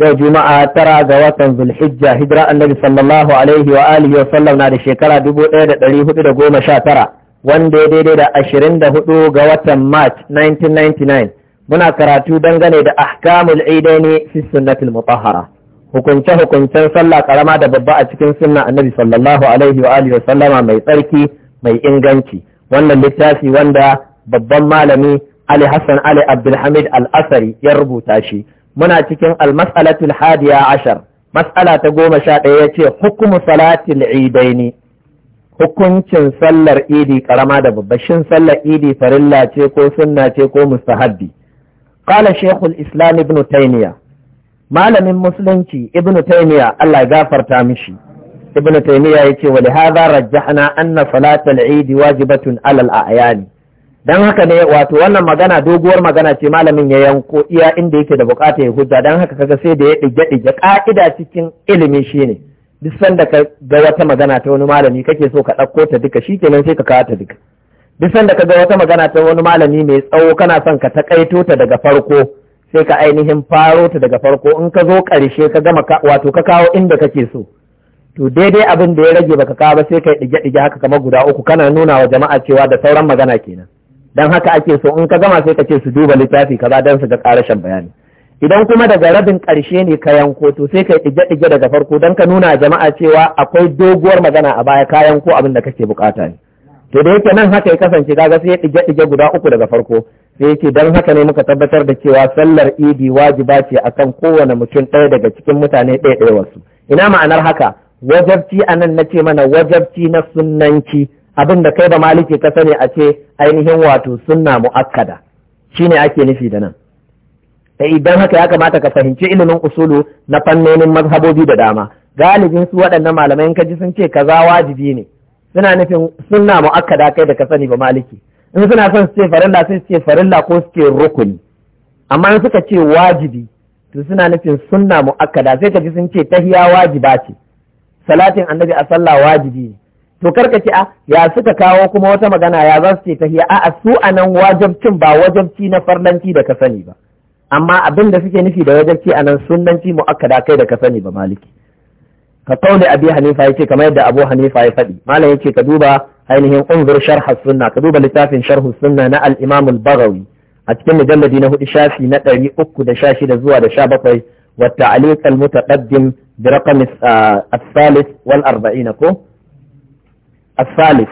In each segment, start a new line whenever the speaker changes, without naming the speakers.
yau juma'a tara ga watan zulhijja hijira annabi sallallahu alaihi wa alihi wa sallam na da shekara dubu da hudu da goma sha tara wanda ya daidai da ashirin da hudu ga watan march 1999 muna karatu dangane da ahkamul idaini fi sunnatul mutahhara hukunce hukuncen sallah karama da babba a cikin sunna annabi sallallahu alaihi wa alihi wa sallama mai tsarki mai inganci wannan littafi wanda babban malami Ali Hassan Ali Abdulhamid Al-Asari ya rubuta shi muna cikin almas'alatul hadiya ashar mas'ala ta goma sha ɗaya ya ce hukumu salatul idaini hukuncin sallar idi karama da babba shin sallar idi farilla ce ko sunna ce ko mustahabbi qala shaykhul islam ibn taymiya malamin musulunci ibn taymiya Allah gafarta mishi ibn taymiya yace wa li hadha rajjahna anna salatul idi wajibatun alal a'yani dan haka ne wato wannan magana doguwar magana ce malamin ya yanko iya inda yake da bukata ya hujja dan haka kaga sai da ya dige dige ka'ida cikin ilimi shine duk sanda ka ga wata magana ta wani malami kake so ka ɗauko ta duka shikenan sai ka kawo ta duka duk sanda ka ga wata magana ta wani malami mai tsawo kana son ka takaito ta daga farko sai ka ainihin faro ta daga farko in ka zo ƙarshe ka gama wato ka kawo inda kake so to daidai abin da ya rage baka kawo ba sai ka ɗige-ɗige haka kamar guda uku kana nuna wa jama'a cewa da sauran magana kenan dan haka ake so in ka gama sai ka ce su duba littafi kaza dan su ga karashin bayani idan kuma daga rabin ƙarshe ne ka yanko to sai ka ɗige ɗige daga farko don ka nuna jama'a cewa akwai doguwar magana a baya kayan ko abin da kake bukata ne to da yake nan haka ya kasance kaga sai ɗige ɗige guda uku daga farko sai yake don haka ne muka tabbatar da cewa sallar idi wajiba ce akan kowane mutum ɗaya daga cikin mutane ɗaya ɗaya wasu ina ma'anar haka wajabci anan na ce mana wajabci na sunanci. abin da kai ba maliki ka sani a ce ainihin wato sunna mu'akkada shine ake nufi da nan da eh, idan haka ya kamata ka fahimci ilimin usulu na fannonin mazhabobi da dama galibin su waɗannan malamai ka ji sun ce kaza wajibi ne suna nufin sunna mu'akkada kai da ka sani ba maliki in suna son su ce farilla sai su ce farilla ko su ce rukuni amma in suka ce wajibi to suna nufin sunna mu'akkada sai ka ji sun ce tahiya wajiba ce salatin annabi a sallah wajibi ne to karka ce a ah, ya suka kawo kuma wata magana ya za su ce tahiya a'a su anan wajabcin ba wajabci na farlanci da ka sani ba amma abin da suke nufi da wajabci anan sunnanci mu'akkada kai da ka sani ba maliki ka kauli abi hanifa yace kamar yadda abu hanifa ya faɗi malam yace ka duba ainihin unzur sharh sunna ka duba littafin sharh sunna na al-imam al-baghawi a cikin mujalladi na hudu shafi na ɗari uku da sha shida zuwa da sha bakwai wa ta'liq al-mutaqaddim bi raqam ah, as-salis wal arba'ina ko asalis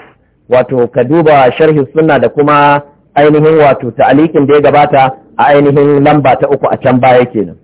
wato ka duba sharhi sunna da kuma ainihin wato ta'alikin da ya gabata a ainihin lamba ta uku a can baya kenan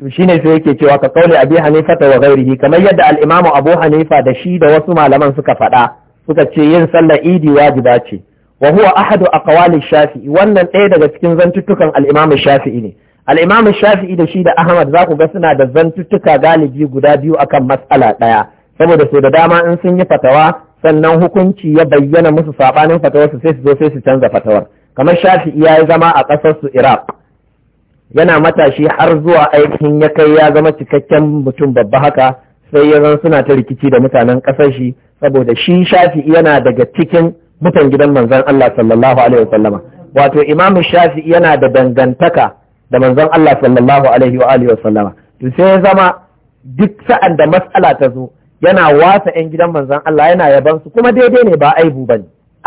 to shine sai yake cewa ka kauli abi hanifa wa ghairihi kamar yadda al-imam abu hanifa da shi da wasu malaman suka faɗa suka ce yin sallar idi wajiba ce wa huwa ahadu aqwali shafi'i wannan ɗaya daga cikin zantuttukan al-imam shafi'i ne al-imam shafi'i da shi da ahmad za ku ga suna da zantuttuka galibi guda biyu akan mas'ala ɗaya saboda sau da dama in sun yi fatawa sannan hukunci ya bayyana musu sabanin fatawarsu sai su zo sai su canza fatawar kamar shafi'i ya yi zama a ƙasar su iraq yana matashi har zuwa aikin ya kai ya zama cikakken mutum babba haka sai ya zan suna ta rikici da mutanen ƙasar shi saboda shi shafi'i yana daga cikin mutan gidan manzon Allah sallallahu alaihi wasallama wato imam shafi'i yana da dangantaka da manzon Allah sallallahu alaihi wa alihi wasallama to sai ya zama duk sa'an da mas'ala ta zo yana wasa yan gidan manzan Allah yana yaban su kuma daidai ne ba aibu ne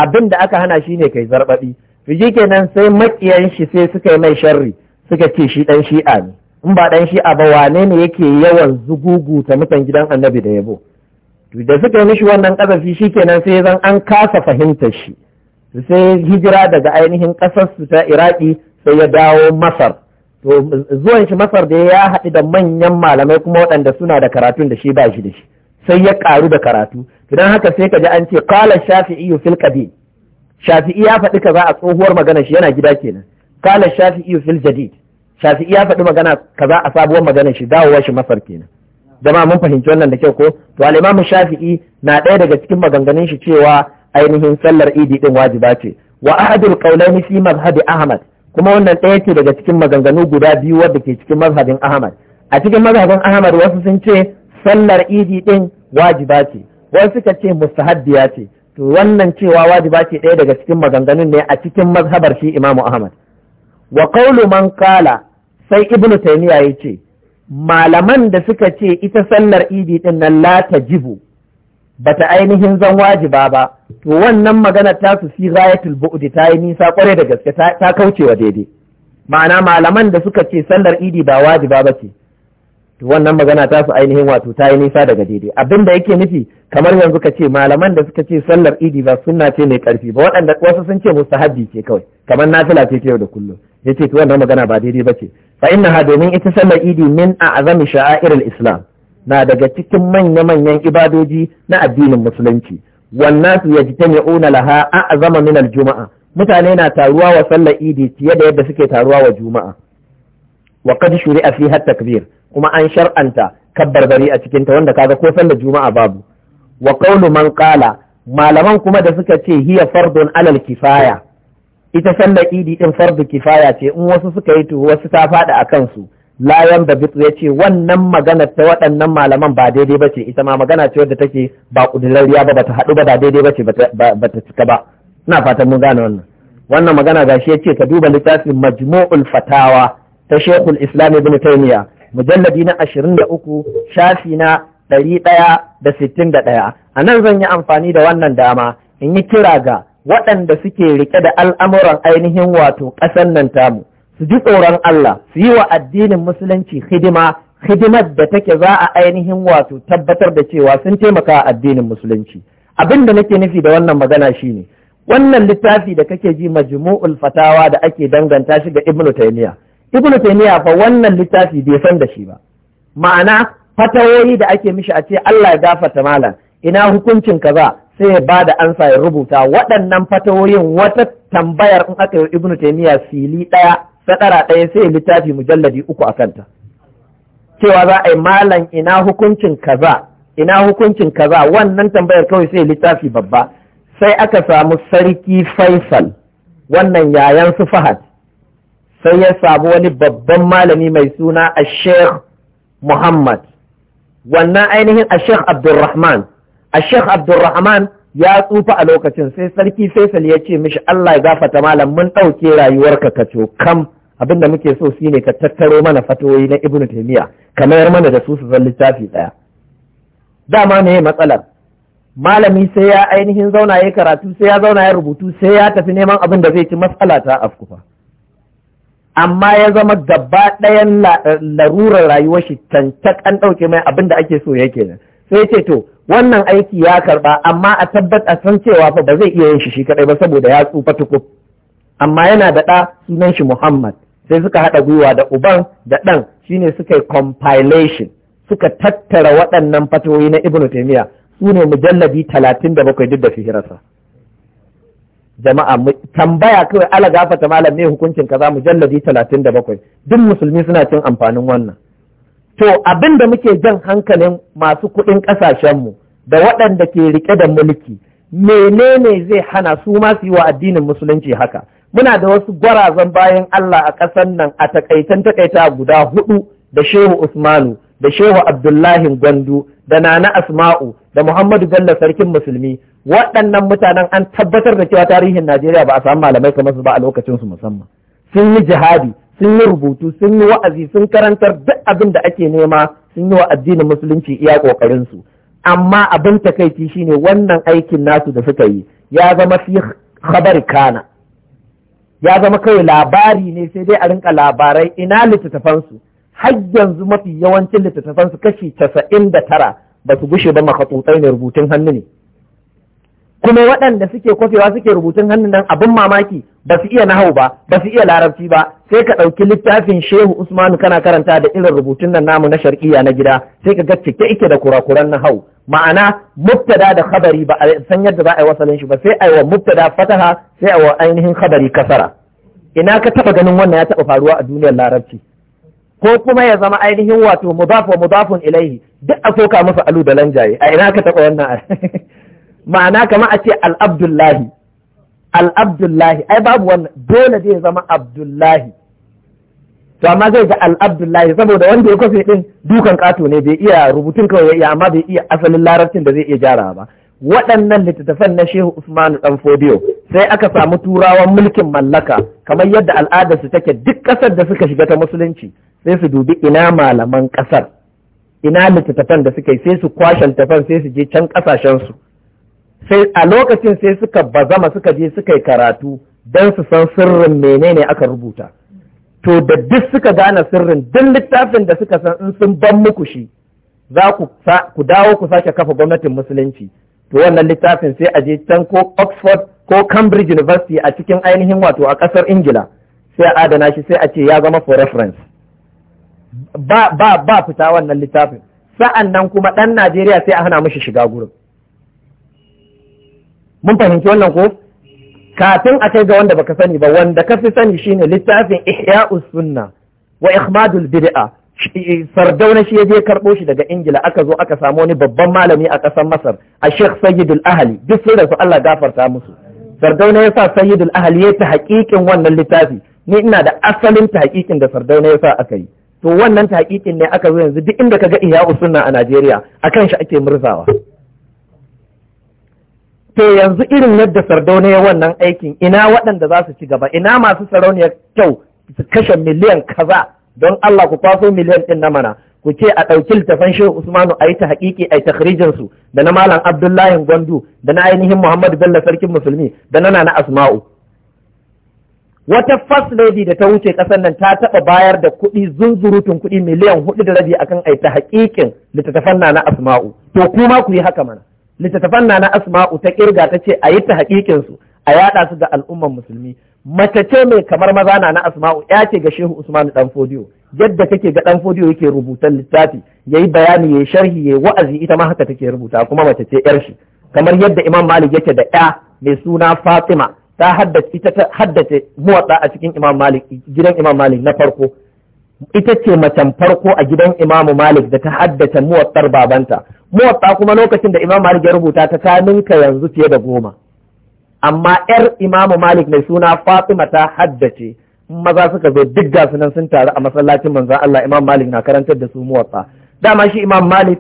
abin da aka hana shi ne kai zarbaɗi. to kenan sai makiyan shi sai suka yi mai sharri suka ce shi ɗan shi'a ne in ba dan shi'a ba wane ne yake yawan zuguguta mutan gidan annabi da yabo da suka yi mishi wannan kazafi kenan sai zan an kasa fahimtar shi sai hijira daga ainihin ƙasarsu ta iraki sai ya dawo masar to zuwan shi masar da ya haɗu da manyan malamai kuma waɗanda suna da karatun da shi ba shi da shi sai ya karu da karatu idan haka sai ka ji an ce qala shafi'i fil qadim shafi'i ya faɗi kaza a tsohuwar magana shi yana gida kenan qala shafi'i fil jadid shafi'i ya faɗi magana kaza a sabuwar magana shi dawowa shi masar kenan jama'a mun fahimci wannan da kyau ko to al shafi'i na ɗaya daga cikin maganganun shi cewa ainihin sallar idi din wajiba ce wa ahadul qawlaini fi ahmad kuma wannan ɗaya ce daga cikin maganganu guda biyu wadda ke cikin mazhabin ahmad a cikin mazhabin ahmad wasu sun ce sallar idi ɗin wajiba ce wasu suka ce mustahabbiya ce to wannan cewa wajiba ce ɗaya daga cikin maganganun ne a cikin mazhabar shi imamu ahmad wa qawlu man qala sai ibnu taymiya yace malaman da suka ce ita sallar idi ɗin nan la tajibu bata ainihin zan wajiba ba to wannan maganar ta su fi ghayatul bu'udi ta yi nisa kware da gaske ta kaucewa daidai ma'ana malaman da suka ce sallar idi ba wajiba ba ce wannan magana ta su ainihin wato ta yi nisa daga daidai abin da yake nufi kamar yanzu ka ce malaman da suka ce sallar idi ba suna ce mai karfi ba waɗanda wasu sun ce mustahabbi ce kawai kamar nafila ce yau da kullum ya ce to wannan magana ba daidai ba ce fa ha domin ita sallar idi min a a'zami sha'airil islam na daga cikin manya-manyan ibadoji na addinin musulunci wannan su yajtami'una laha a'zama min al-juma'a mutane na taruwa wa sallar idi fiye da yadda suke taruwa wa juma'a wa qad shuri'a fiha takbir kuma an shar'anta gari a cikinta wanda kaga ko sallar juma'a babu wa qawlu man qala malaman kuma da suka ce hiya fardun alal kifaya ita sallar idi din fardu kifaya ce in wasu suka yi to wasu ta fada a kansu layan da bitu ya ce wannan magana ta waɗannan malaman ba daidai ba ce ita ma magana ce wadda take ba ƙudurarriya ba bata haɗu ba daidai ba ce ba ta cika ba ina fatan mun gane wannan wannan magana gashi ya ce ka duba littafin majmu'ul fatawa ta shekul islam ibn mujalladi na ashirin da uku shafi na ɗari ɗaya da sittin da ɗaya a nan zan yi amfani da wannan dama in yi kira ga waɗanda suke rike da al'amuran ainihin wato ƙasar nan tamu su ji tsoron Allah su yi wa addinin musulunci hidima hidimar da take za a ainihin wato tabbatar da cewa sun taimaka addinin musulunci abin da nake nufi da wannan magana shine wannan littafi da kake ji majmu'ul fatawa da ake danganta shi ga ibnu taymiya ibnu taymiya fa wannan littafi bai san da shi ba ma'ana fatawoyi da ake mishi a ce Allah ya gafarta malam ina hukuncin kaza sai ya ba da ansa ya rubuta waɗannan fatawoyin wata tambayar in aka yi ibnu taymiya fili ɗaya sadara ɗaya sai littafi mujalladi uku a kanta cewa za a yi malam ina hukuncin kaza ina hukuncin kaza wannan tambayar kawai sai littafi babba sai aka samu sarki faisal wannan yayan su fahad sai ya sabu wani babban malami mai suna a sheikh muhammad wannan ainihin a sheikh abdulrahman a sheikh abdulrahman ya tsufa a lokacin sai sarki faisal ya ce mishi allah ya gafata malam mun ɗauke rayuwarka ka kam abin da muke so shine ka tattaro mana fatoyi na ibnu taymiya ka mayar mana da su su zan littafi ɗaya dama ne matsalar malami sai ya ainihin zauna ya karatu sai ya zauna ya rubutu sai ya tafi neman abin da zai ci matsala ta afkufa amma ya zama gaba ɗayan eh, larurar rayuwar shi tantak an ɗauke mai abin da ake so yake nan sai ce to wannan aiki ya karɓa amma a tabbat a san cewa fa ba zai iya yin shi shi kadai ba saboda ya tsufa tukuf amma yana da ɗa sunan shi Muhammad sai suka haɗa gwiwa da uban da ɗan shine suka yi compilation suka tattara waɗannan fatoyi na Ibn Taymiyyah su ne mujalladi talatin da bakwai duk da fihirarsa. jama'a tambaya kawai ala gafata malam ne hukuncin kaza mujalladi talatin da bakwai duk musulmi suna cin amfanin wannan to abin da muke jan hankalin masu kuɗin ƙasashenmu da waɗanda ke rike da mulki menene zai hana su ma su yi wa addinin musulunci haka muna da wasu gwarazan bayan Allah a ƙasar nan a takaitan takaita guda hudu da shehu Usmanu da shehu Abdullahi Gwandu da Nana Asma'u da Muhammadu Bello sarkin musulmi waɗannan mutanen an tabbatar da cewa tarihin Najeriya ba a samu malamai kamar su ba a lokacin su musamman sun yi jihadi sun yi rubutu sun yi wa'azi sun karantar duk abin da ake nema sun yi wa addinin musulunci iya kokarin su amma abin takaici shine wannan aikin nasu da suka yi ya zama fi khabar kana ya zama kai labari ne sai dai a rinka labarai ina littattafansu har yanzu mafi yawancin littattafansu kashi casa'in da tara ba su gushe ba makatutsai ne rubutun hannu ne kuma waɗanda suke kwafewa suke rubutun hannun nan abin mamaki ba su iya nahau ba ba su iya larabci ba sai ka ɗauki littafin shehu usmanu kana karanta da irin rubutun nan namu na shar'iyya na gida sai ka ga cike ike da kurakuran nahau ma'ana mubtada da khabari ba a san yadda za a yi wasalin shi ba sai a yi wa mubtada fataha sai a wa ainihin khabari kasara ina ka taba ganin wannan ya taba faruwa a duniyar larabci ko kuma ya zama ainihin wato mudaf wa mudafun ilaihi duk a soka musu alu da lanjaye a ina ka taba wannan ma'ana kamar a ce al-abdullahi ai babu wannan dole zai zama abdullahi to amma zai ga al-abdullahi saboda wanda ya kwafe din dukan kato ne bai iya rubutun kawai ya amma bai iya asalin larabcin da zai iya jara ba waɗannan littattafan na Shehu Usmanu dan Fodiyo sai aka samu turawan mulkin mallaka kamar yadda al'adar su take duk ƙasar da suka shiga ta musulunci sai su dubi ina malaman ƙasar ina littattafan da suka yi sai su kwashe littattafan sai su je can ƙasashensu sai a lokacin sai suka bazama suka je suka yi karatu don su san sirrin menene aka rubuta to da duk suka gane sirrin duk littafin da suka san in sun ban muku shi za ku dawo ku sake kafa gwamnatin musulunci to wannan littafin sai a je can ko oxford ko cambridge university a cikin ainihin wato a ƙasar ingila sai a adana shi sai a ce ya zama for reference ba ba fita wannan littafin sa'an nan kuma ɗan najeriya sai a hana mishi shiga gurin mun fahimci wannan ko kafin a kai ga wanda baka sani ba wanda ka fi sani shine littafin ihya'us sunna wa ihmadul bid'a sardauna shi ya je karɓo shi daga ingila aka zo aka samu wani babban malami a ƙasar masar a sheikh sayyidul ahali duk sun rasu allah gafarta musu sardauna ya sa sayyidul ahali ya ta haƙiƙin wannan littafi ni ina da asalin ta haƙiƙin da sardauna ya sa aka yi to wannan ta haƙiƙin ne aka zo yanzu duk inda ka ga iya sunna a najeriya akan shi ake murzawa to yanzu irin yadda sardauna ya wannan aikin ina waɗanda za su ci gaba ina masu sarauniyar kyau su kashe miliyan kaza don Allah ku kwaso miliyan ɗin na mana ku ce a ɗauki littafan shehu usmanu a yi ta haƙiƙi a yi ta su da na malam abdullahi gwandu da na ainihin muhammadu bello sarkin musulmi da na nana asma'u wata first lady da ta wuce ƙasar nan ta taɓa bayar da kuɗi zunzurutun kuɗi miliyan hudu da rabi akan a yi ta haƙiƙin littattafan Nana asma'u to kuma ku yi haka mana littattafan na na asma'u ta kirga ta ce a yi ta haƙiƙin su a yaɗa su ga al'umman musulmi mace ce mai kamar maza na asma'u ya ce ga shehu usman dan fodiyo yadda kake ga dan fodiyo yake rubutan littafi yayi bayani yayi sharhi yayi wa'azi ita ma haka take rubuta kuma mace ce yar shi kamar yadda imam malik yake da ya mai suna fatima ta haddace ita ta haddace muwatsa a cikin imam malik gidan imam malik na farko ita ce macen farko a gidan imamu malik da ta haddace muwatsar babanta muwatta kuma lokacin da imam malik ya rubuta ta ta ninka yanzu fiye da goma amma yar imamu malik mai suna fatima ta haddace maza suka zo duk gasu nan sun taru a masallacin manzan Allah imam malik na karantar da su muwatta dama shi imam malik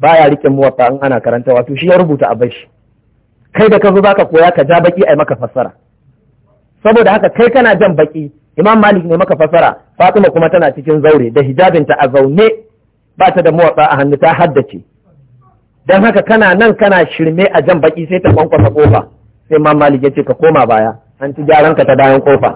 baya rike muwatta in ana karanta wato shi ya rubuta a bashi kai da ka zo ka koya ka ja baki ai maka fassara saboda haka kai kana jan baki imam malik ne maka fassara fatima kuma tana cikin zaure da hijabinta a zaune ba ta da muwatsa a hannu ta haddace don haka kana nan kana shirme a jan baki sai ta kwankwasa kofa sai ma malik ya ce ka koma baya an ci gyaran ka ta bayan kofa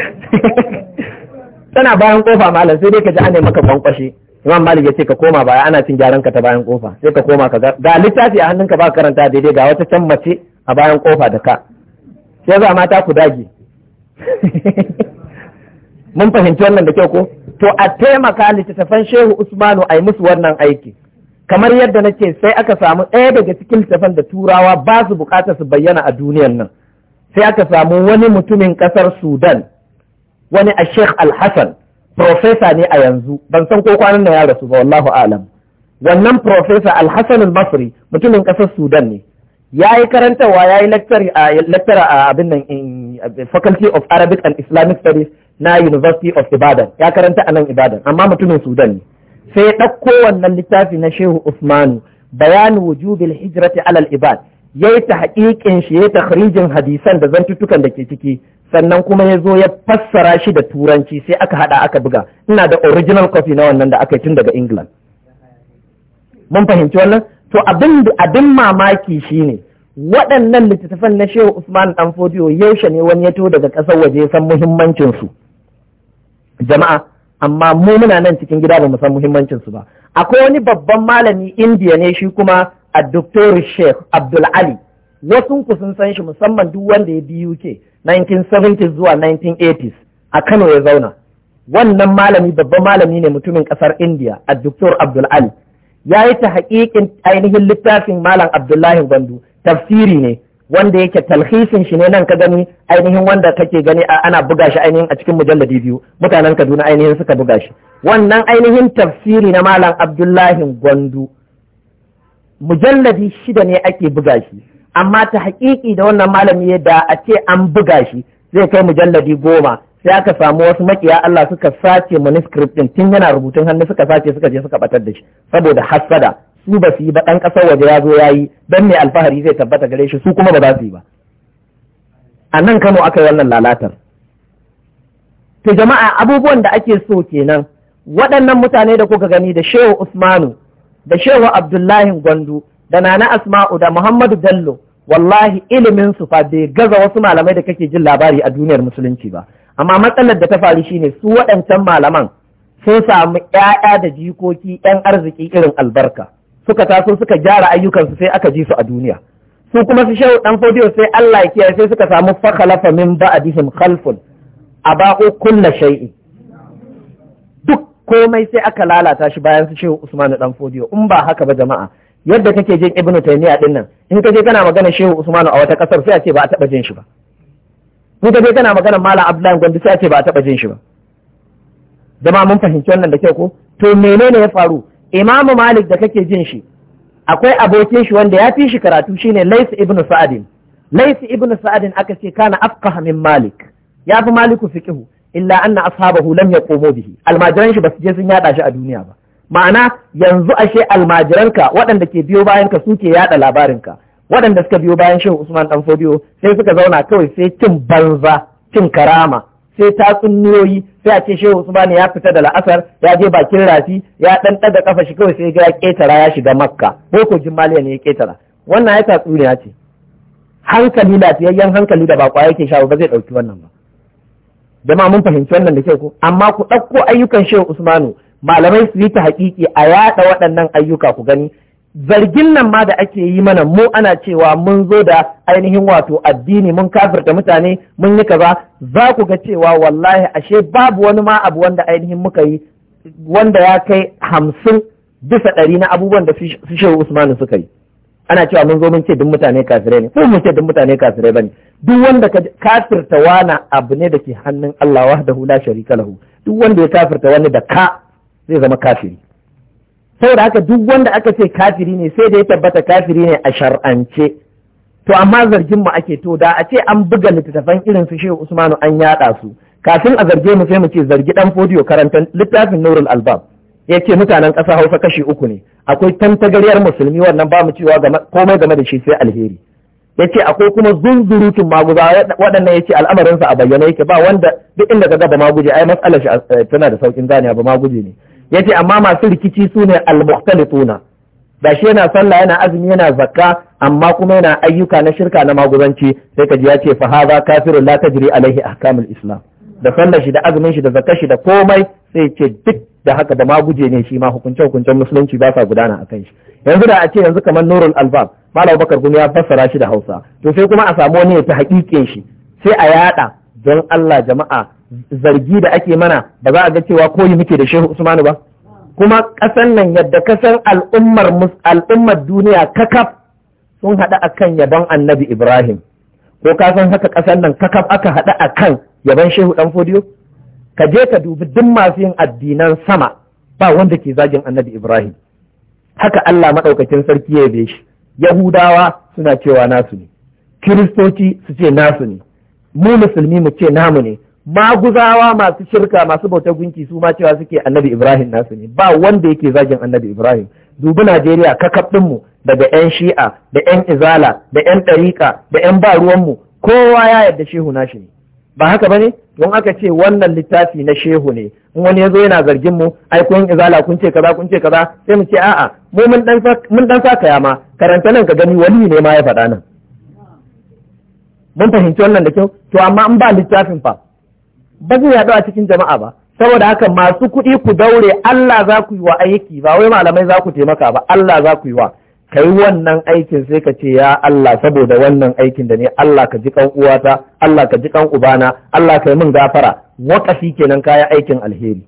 tana bayan kofa malam sai dai ka ji ana maka kwankwashe imam malik ya ce ka koma baya ana cin gyaran ka ta bayan kofa sai ka koma ka ga littafi a hannunka ba karanta daidai ga wata can mace a bayan kofa da ka sai za mata ku dage mun fahimci wannan da kyau ko to a taimaka littattafan shehu usmanu a yi musu wannan aiki kamar yadda nake sai aka samu ɗaya daga cikin littattafan da turawa ba su bukata su bayyana a duniyan nan sai aka samu wani mutumin ƙasar sudan wani a sheikh al-hassan profesa ne a yanzu ban san ko kwanan na ya rasu ba wallahu alam wannan profesa al-hassan al masri mutumin ƙasar sudan ne ya yi karantarwa ya yi lecture a abin nan faculty of arabic and islamic studies na University of Ibadan ya karanta a nan Ibadan amma mutumin Sudan ne sai ya ɗauko wannan littafi na Shehu Usmanu bayanu wujubil hijrati alal ibad yayi ta haƙiƙin shi yayi takhrijin hadisan da zantuttukan da ke ciki sannan kuma ya zo ya fassara shi da turanci sai aka hada aka buga ina da original copy na wannan da aka yi tun daga England mun fahimci wannan to abin abin mamaki shine waɗannan littattafan na Shehu Usman Danfodiyo yaushe ne wani ya to daga ƙasar waje ya san muhimmancin su jama'a amma mu muna nan cikin gida ba mu san muhimmancin su ba akwai wani babban malami indiya ne shi kuma a doktor sheikh abdul ali wasu ku sun san shi musamman duk wanda ya biyu uk 1970s zuwa 1980s a kano ya zauna wannan malami babban malami ne mutumin kasar indiya a doktor abdul ali ya yi ta haƙiƙin ainihin littafin malam abdullahi gwandu tafsiri ne wanda yake talhisin shi ne nan ka gani ainihin wanda kake gani a ana buga shi ainihin a cikin mujalladi biyu mutanen Kaduna ainihin suka buga shi wannan ainihin tafsiri na malam Abdullahi Gwandu mujalladi shida ne ake buga shi amma ta haƙiƙi da wannan malami ya da a ce an buga shi zai kai mujalladi goma sai aka samu wasu makiya Allah suka sace manuscript din tun yana rubutun hannu suka sace suka je suka batar da shi saboda hassada su ba su yi ba ɗan ƙasar waje ya zo ya yi don mai alfahari zai tabbata gare shi su kuma ba za su yi ba a nan kano aka yi wannan lalatar to jama'a abubuwan da ake so kenan waɗannan mutane da kuka gani da shehu usmanu da shehu abdullahi gwandu da nana asma'u da muhammadu bello wallahi ilimin su fa bai gaza wasu malamai da kake jin labari a duniyar musulunci ba amma matsalar da ta faru shine su waɗancan malaman sun samu 'ya'ya da jikoki 'yan arziki irin albarka suka taso suka gyara ayyukansu sai aka ji su a duniya su kuma su shehu dan fodiyo sai Allah ya kiyaye sai suka samu fakhalafa min ba'dihim khalfun aba'u kulla shai'i duk komai sai aka lalata shi bayan su shehu Usman dan fodiyo in ba haka ba jama'a yadda kake jin Ibn Taymiyyah din nan in kaje kana magana shehu Usman a wata kasar sai a ce ba a taba jin shi ba in kaje kana magana malam Abdullahi Gondi sai a ce ba a taba jin shi ba jama'a mun fahimci wannan da kyau ko to menene ya faru imamu malik da kake jin shi akwai abokin shi wanda ya fi shi karatu shine lais ibnu sa'adin lais ibnu sa'adin aka ce kana afqaha min malik ya fi maliku fiqhu illa anna ashabahu ya komo bihi almajiran shi basu je sun yada shi a duniya ba ma'ana yanzu ashe almajiranka waɗanda ke biyo bayan ka suke yada labarinka waɗanda suka biyo bayan shehu usman dan fodiyo sai suka zauna kawai sai cin banza cin karama sai tatsuniyoyi sai a ce shehu usman ya fita da la'asar ya je bakin rafi ya dan daga kafa shi kawai sai ya ketara ya shiga makka ko ko maliya ne ya ketara wannan ya tatsuniya ce hankali lafiyayyen hankali da bakwa yake sha ba zai dauki wannan ba jama mun fahimci wannan da kyau ko amma ku ɗauko ayyukan shehu usmanu malamai su yi ta haƙiƙi a yaɗa waɗannan ayyuka ku gani zargin nan ma da ake yi mana mu ana cewa mun zo da ainihin wato addini mun kafirta mutane mun yi kaza za ku ga cewa wallahi ashe babu wani ma abu wanda ainihin muka yi wanda ya kai hamsin bisa ɗari na abubuwan da su shehu usmanu suka yi ana cewa mun zo mun ce duk mutane kafirai ne ko mun ce duk mutane kafirai bane duk wanda ka kafirta wani abu ne da ke hannun Allah wahdahu la sharika lahu duk wanda ya kafirta wani da ka zai zama kafiri saboda haka duk wanda aka ce kafiri ne sai da ya tabbata kafiri ne a shar'ance to amma zargin mu ake to da a ce an buga littattafan irin su shehu usmanu an yada su kafin a zarge mu sai mu ce zargi dan fodiyo karantar littafin nurul albab ya ce mutanen ƙasa hausa kashi uku ne akwai tantagaryar musulmi wannan ba mu cewa komai game da shi sai alheri ya ce akwai kuma zunzurutun maguza waɗannan ya ce sa a bayyana yake ba wanda duk inda ka ga ba maguje ai matsalar shi eh, tana da saukin zaniya ba maguje ne Ya ce amma masu rikici su ne al-mukhtalifuna gashi yana sallah yana azumi yana zakka amma kuma yana ayyuka na shirka na magudanci sai kaji ya ce fa hadha kafirun la tajri alaihi ahkamul islam da sallar shi da azumin shi da zakkar shi da komai sai ce duk da haka da maguje ne shi ma hukunce hukuncen musulunci ba sa gudana akan shi yanzu da a ce yanzu kamar nurul albab malam bakar gumi ya fassara shi da hausa to sai kuma a samu wani ya ta haƙiƙin shi sai a yaɗa don allah jama'a zargi da ake mana ba za a ga cewa koyi muke da shehu usmanu ba kuma ƙasan nan yadda kasan al'ummar al'ummar duniya kakaf sun haɗa akan yaban annabi ibrahim ko ka san haka ƙasan nan kakaf aka haɗa akan yaban shehu ɗan fodiyo ka je ka dubi duk masu yin addinan sama ba wanda ke zagin annabi ibrahim haka allah maɗaukakin sarki ya yabe shi yahudawa suna cewa nasu ne kiristoci su ce nasu ne mu musulmi mu ce namu ne maguzawa masu shirka masu bautar gunki su ma cewa suke annabi ibrahim nasu ne ba wanda yake zagin annabi ibrahim dubi najeriya kakaf mu daga yan shi'a da yan izala da yan ɗariƙa da yan ba ruwanmu kowa ya yarda shehu nashi ne ba haka bane don aka ce wannan littafi na shehu ne in wani yazo yana zargin mu ai kun izala kun ce kaza kun ce kaza sai mu ce a'a mu mun dan mun dan ya ma karanta nan ka gani wali ne ma ya faɗa nan mun fahimci wannan da kyau to amma in ba littafin fa ba zai yaɗu a cikin jama'a ba saboda haka masu kuɗi ku daure Allah za ku yi wa aiki ba wai malamai za ku taimaka ba Allah za ku yi wa kai wannan aikin sai ka ce ya Allah saboda wannan aikin da ne Allah ka ji kan uwata Allah ka ji kan ubana Allah ka yi min gafara wakafi kenan kaya aikin alheri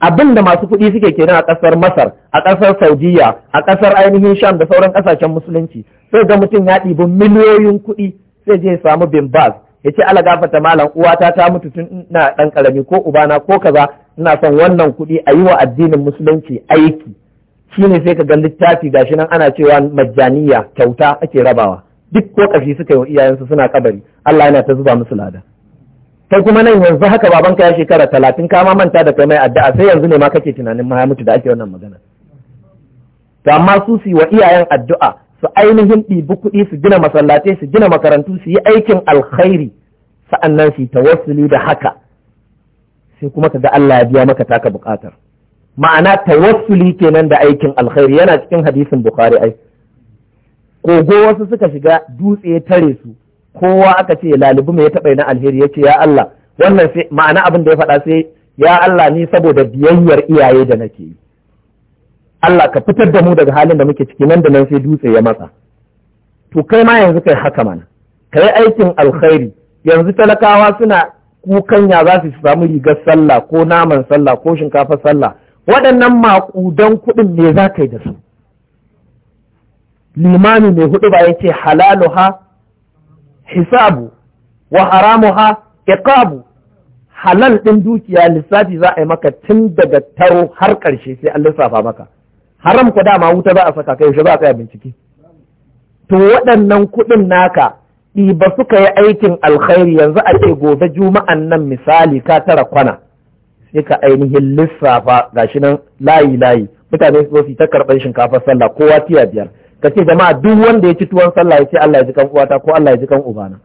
abin da masu kuɗi suke kenan a ƙasar Masar a ƙasar Saudiya a ƙasar ainihin Sham da sauran ƙasashen musulunci sai ga mutum ya ɗibi miliyoyin kuɗi sai je samu bin ce ala gafata malam uwata ta mutu tun ina dan karami ko ubana ko kaza ina son wannan kuɗi a yi wa addinin musulunci aiki Shi ne sai ka ga littafi gashi nan ana cewa majjaniya kyauta ake rabawa duk ko kashi suka yi wa iyayensu suna kabari Allah yana ta zuba musu lada kai kuma nan yanzu haka babanka ya shekara talatin ka ma manta da kai mai addu'a sai yanzu ne ma kake tunanin ma mutu da ake wannan magana to amma su su wa iyayen addu'a su ainihin ɗibi kuɗi su gina masallatai su gina makarantu su yi aikin alkhairi sa'an nan su yi tawassuli da haka sai kuma ka ga Allah ya biya maka taka buƙatar ma'ana tawassuli kenan da aikin alkhairi yana cikin hadisin bukhari ai kogo wasu suka shiga dutse ya tare su kowa aka ce lalibu mai ya taɓa na alheri ya ce ya Allah wannan sai ma'ana abin da ya faɗa sai ya Allah ni saboda biyayyar iyaye da nake yi Allah ka fitar da mu daga halin da muke ciki nan da nan sai dutse ya matsa to kai ma yanzu kai haka mana kai aikin alkhairi yanzu talakawa suna kukan ya za su samu rigar sallah ko naman sallah ko shinkafa sallah waɗannan maƙudan kuɗin ne za ka yi da su limami mai hudu ba halalu ha hisabu wa ha iqabu halal ɗin dukiya lissafi za a yi maka tun daga taro har ƙarshe sai an lissafa maka haram ku dama wuta za a saka kai yaushe za a tsaya bincike to waɗannan kuɗin naka ba suka yi aikin alkhairi yanzu a ce gobe juma'an nan misali ka tara kwana sai ka ainihin lissafa gashi nan layi layi mutane su su ta karɓar shinkafar sallah kowa tiya biyar ka ce jama'a duk wanda ya ci tuwon sallah ya ce Allah ya ji kan uwata ko Allah ya ji kan ubana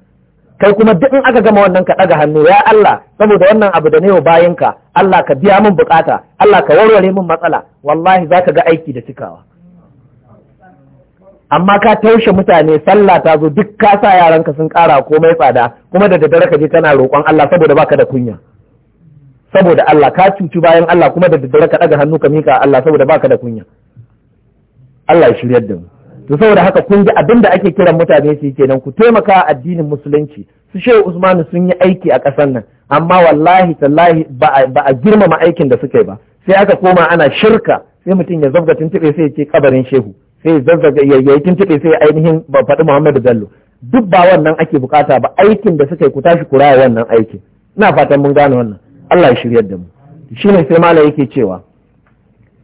kai kuma duk in aka gama wannan ka ɗaga hannu ya Allah saboda wannan abu da ne wa bayinka Allah ka biya min bukata Allah ka warware min matsala wallahi za ka ga aiki da cikawa amma ka taushe mutane sallah ta zo duk ka sa yaranka sun kara komai tsada kuma da daddare ka je kana roƙon Allah saboda baka da kunya saboda Allah ka cuci bayan Allah kuma da daddare ka ɗaga hannu ka mika Allah saboda baka da kunya Allah ya shiryar da mu to saboda haka kun ji abin da ake kiran mutane su kenan ku taimaka addinin musulunci su shehu usmanu sun yi aiki a ƙasar nan amma wallahi tallahi ba a girmama aikin da suka yi ba sai aka koma ana shirka sai mutum ya zabga tuntuɓe sai ya ce kabarin shehu sai ya zazzaga ya yi tuntuɓe sai ainihin ba faɗi muhammadu bello duk ba wannan ake bukata ba aikin da suka yi ku tashi kura wannan aikin ina fatan mun gane wannan allah ya shiryar da mu shine sai malam yake cewa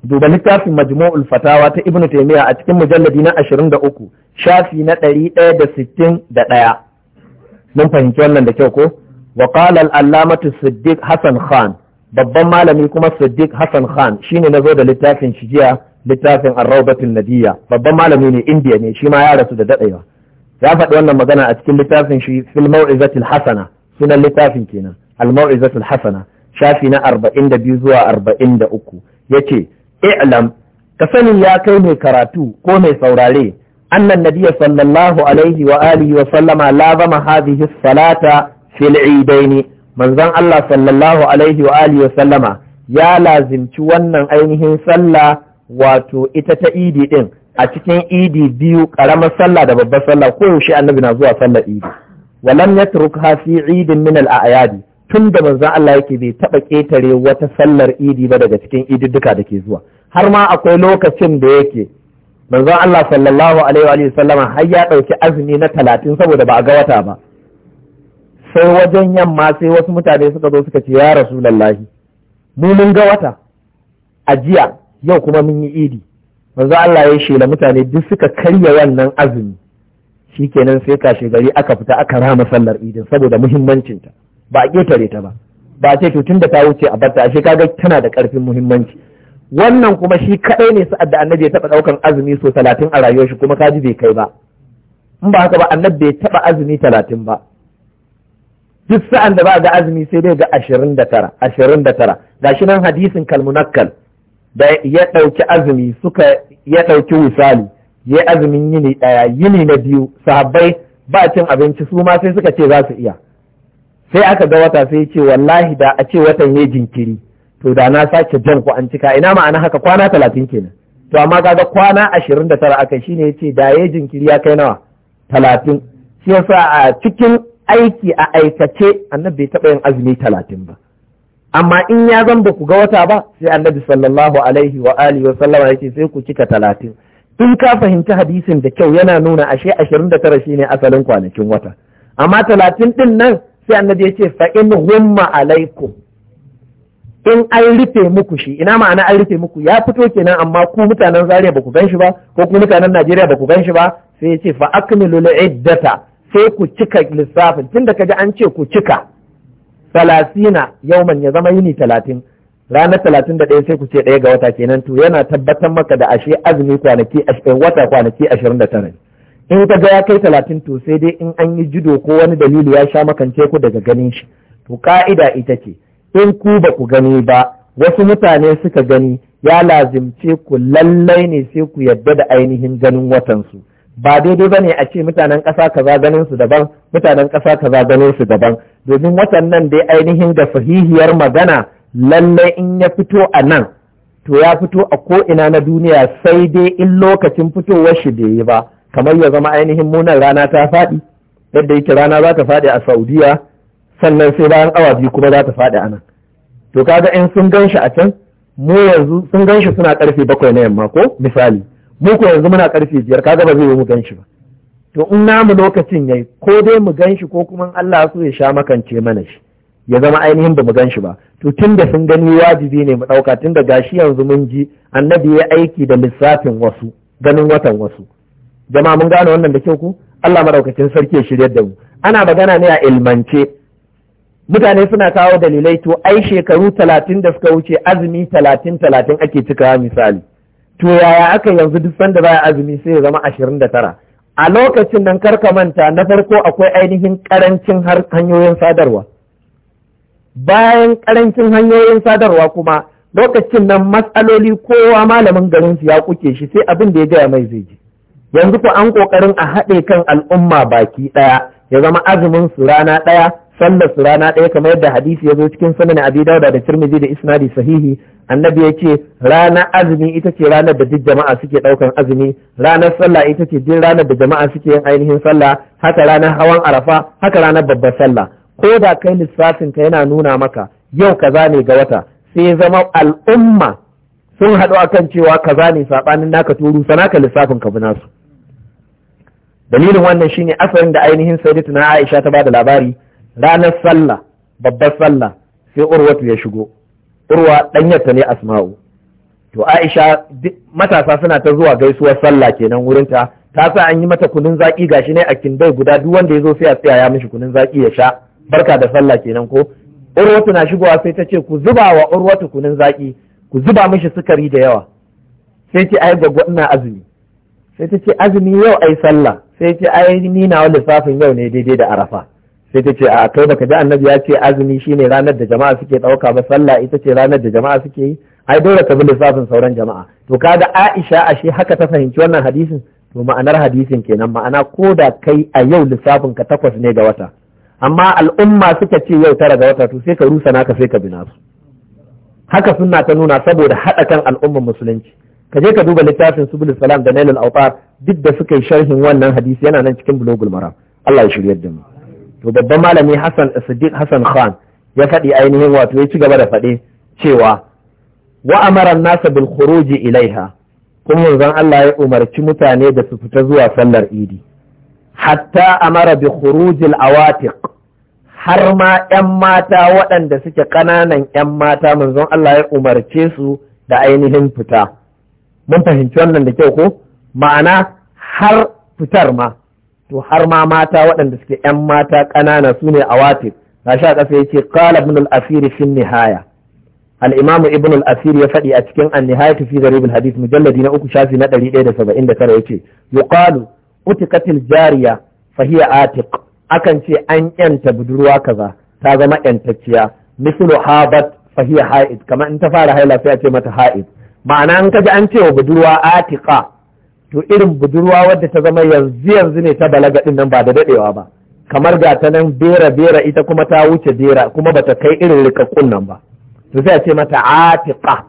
duba littafin majmu'ul fatawa ta ibnu taymiya a cikin mujalladi na 23 shafi na 161 mun fahimci wannan da kyau ko wa qala al-allamatu siddiq hasan khan babban malami kuma siddiq hasan khan shine nazo da littafin shi jiya littafin ar-rawdatun nadiyya babban malami ne indiya ne shi ma ya rasu da dadewa ya faɗi wannan magana a cikin littafin shi fil mau'izatil hasana sunan littafin kenan al mau'izatil hasana shafi na 42 zuwa 43 yace i'lam ka sani ya kai mai karatu ko mai saurare annan nabiyya sallallahu alaihi wa alihi wa sallama lazama hadhihi salata fil idaini manzon Allah sallallahu alaihi wa alihi wa sallama ya lazimci wannan ainihin sallah wato ita ta idi din a cikin idi biyu karamar sallah da babbar sallah ko yaushe annabi na zuwa sallar idi walam yatrukha fi idin min al a'yadi tunda manzon Allah yake bai taba ketare wata sallar idi ba daga cikin ididduka da ke zuwa har ma akwai lokacin da yake manzon Allah sallallahu alaihi wa sallama har ya ɗauki azumi na talatin saboda ba a ga wata ba sai wajen yamma sai wasu mutane suka zo suka ce ya rasu rasulallahi mu mun ga wata a jiya yau kuma mun yi idi manzo Allah ya shela mutane duk suka karya wannan azumi shi kenan sai kashe gari aka fita aka rama sallar idin saboda muhimmancinta ba a ƙetare ta ba ba a ce to tun da ta wuce a barta ashe ka ga tana da ƙarfin muhimmanci wannan kuma shi kaɗai ne sa'ad da annabi ya taɓa ɗaukan azumi so talatin a rayuwar shi kuma kaji bai kai ba in ba haka ba annabi bai taɓa azumi talatin ba duk sa'an da ba ga azumi sai dai ga ashirin da tara ashirin da tara Ga shi nan hadisin kalmunakkal da ya ɗauki azumi suka ya ɗauki misali ya azumin yini ɗaya yini na biyu sahabbai ba cin abinci su ma sai suka ce za su iya sai aka ga wata sai ce wallahi da a ce watan ya jinkiri to da na sake jan ku an cika ina ma'ana haka kwana talatin kenan to amma kaga kwana ashirin da tara aka shine yace da ya jinkiri ya kai nawa talatin shi yasa a cikin aiki a aikace annabi bai taɓa yin azumi talatin ba amma in ya zan ba ku ga wata ba sai annabi sallallahu alaihi wa alihi wa sallam yace sai ku cika talatin in ka fahimci hadisin da kyau yana nuna ashe ashirin da tara shine asalin kwanakin wata amma talatin din nan sai annabi ya ce fa in humma alaikum in an rufe muku shi ina ma'ana an rufe muku ya fito kenan amma ku mutanen Zaria ba ku gan shi ba ko ku mutanen Najeriya ba ku gan shi ba sai ya ce fa akmilu iddata sai ku cika lissafin tunda kaji an ce ku cika talasina yauman ya zama yini talatin ranar talatin da ɗaya sai ku ce ɗaya ga wata kenan to yana tabbatar maka da ashe azumi kwanaki wata kwanaki ashirin da tara in ka ga ya kai talatin to sai dai in an yi jido ko wani dalili ya sha makance ku daga ganin shi to ka'ida ita ce in ku ba ku gani ba wasu mutane suka gani ya lazimce ku lallai ne sai ku yadda da ainihin ganin watansu ba daidai ba ne a ce mutanen ƙasa kaza ganin su daban mutanen ƙasa kaza ganin su daban domin watan nan dai ainihin da fahihiyar magana lallai in ya fito a nan to ya fito a ko'ina na duniya sai dai in lokacin fitowar shi bai yi ba kamar ya zama ainihin munan rana ta faɗi yadda yake rana za ta faɗi a saudiya sannan sai bayan awa biyu kuma za ta faɗi nan. to kaga in sun gan shi a can mu yanzu sun gan shi suna karfe bakwai na yamma ko misali mu ko yanzu muna karfe biyar kaga ba zai yi mu gan shi ba to in namu lokacin yayi ko dai mu gan shi ko kuma Allah so ya sha makance mana shi ya zama ainihin ba mu gan shi ba to tun da sun gani wajibi ne mu ɗauka tun da gashi yanzu mun ji annabi ya aiki da lissafin wasu ganin watan wasu jama'a mun gane wannan da kyau ku Allah madaukakin sarki ya shiryar da mu ana magana ne a ilmance mutane suna kawo dalilai to ai shekaru talatin da suka wuce azumi talatin talatin ake cikawa misali to yaya aka yanzu duk sanda baya azumi sai ya zama ashirin da tara a lokacin nan ka manta na farko akwai ainihin karancin hanyoyin sadarwa bayan karancin hanyoyin sadarwa kuma lokacin nan matsaloli kowa malamin garin su ya kuke shi sai abin da ya gaya mai zai ji yanzu ko an kokarin a haɗe kan al'umma baki ɗaya ya zama azumin su rana ɗaya sallar su rana ɗaya kamar yadda hadisi ya zo cikin sanin abi dauda da tirmidhi da isnadi sahihi annabi ya ce rana azumi ita ce ranar da duk jama'a suke ɗaukan azumi ranar sallah ita ce duk ranar da jama'a suke yin ainihin sallah haka ranar hawan arafa haka ranar babbar sallah ko da kai lissafin ka yana nuna maka yau kaza ne ga wata sai zama al'umma sun haɗu akan cewa kaza ne saɓanin naka turu sanaka lissafin ka bunasu dalilin wannan shine asalin da ainihin sayyidatuna Aisha ta bada labari ranar sallah babbar sallah sai urwatu ya shigo urwa ɗanyarta ne asma'u to aisha matasa suna ta zuwa gaisuwar sallah kenan wurinta ta sa an yi mata kunun zaki gashi ne a kindai guda duk wanda ya zo sai a tsaya ya mishi kunun zaki ya sha barka da sallah kenan ko urwatu na shigowa sai ta ce ku zuba wa urwatu kunun zaki ku zuba mishi sukari da yawa sai ce ai gwagwa ina azumi sai ta ce azumi yau ai sallah sai ce ai ni na lissafin yau ne daidai da arafa sai ta ce a kai baka ji annabi ya ce azumi shine ranar da jama'a suke ɗauka ba sallah ita ce ranar da jama'a suke yi ai dole ka bi lissafin sauran jama'a to kaga Aisha ashe haka ta fahimci wannan hadisin to ma'anar hadisin kenan ma'ana ko da kai a yau lissafin ka takwas ne ga wata amma al'umma suka ce yau tara ga wata to sai ka rusa naka sai ka bi nasu haka sunna ta nuna saboda haɗa kan al'ummar musulunci ka je ka duba littafin subul salam da nailul awtar duk da suka yi sharhin wannan hadisi yana nan cikin bulogul maram Allah ya shiryar da mu to babban malami Hassan Siddiq Hassan Khan ya faɗi ainihin wato ya ci gaba da faɗe cewa wa amara nasa bil khuruji ilaiha kuma manzon Allah ya umarci mutane da su fita zuwa sallar idi hatta amara bi khurujil awatiq har ma ‘yan mata waɗanda suke ƙananan ‘yan mata manzon Allah ya umarce su da ainihin fita. Mun fahimci wannan da kyau ko? Ma'ana har fitar ma, to har ma mata waɗanda suke ‘yan mata ƙanana su ne wati, ga sha ƙasa ya ce ibn al-asiri fi nihaya al-imam ibn al-asiri ya faɗi a cikin an-nihayatu fi gharib al-hadith mujalladi na uku shafi na 179 yace yuqalu utikatil jariya fa hiya atiq akan ce an yanta budurwa kaza ta zama yantacciya mislu habat fa hiya haid kamar in ta fara haila sai a ce mata haid ma'ana an kaji an ce wa budurwa atiqa to irin budurwa wadda ta zama yanzu yanzu ne ta balaga din nan ba da dadewa ba kamar ga ta nan bera bera ita kuma ta wuce bera kuma bata kai irin rikakkun nan ba to sai a ce mata atiqa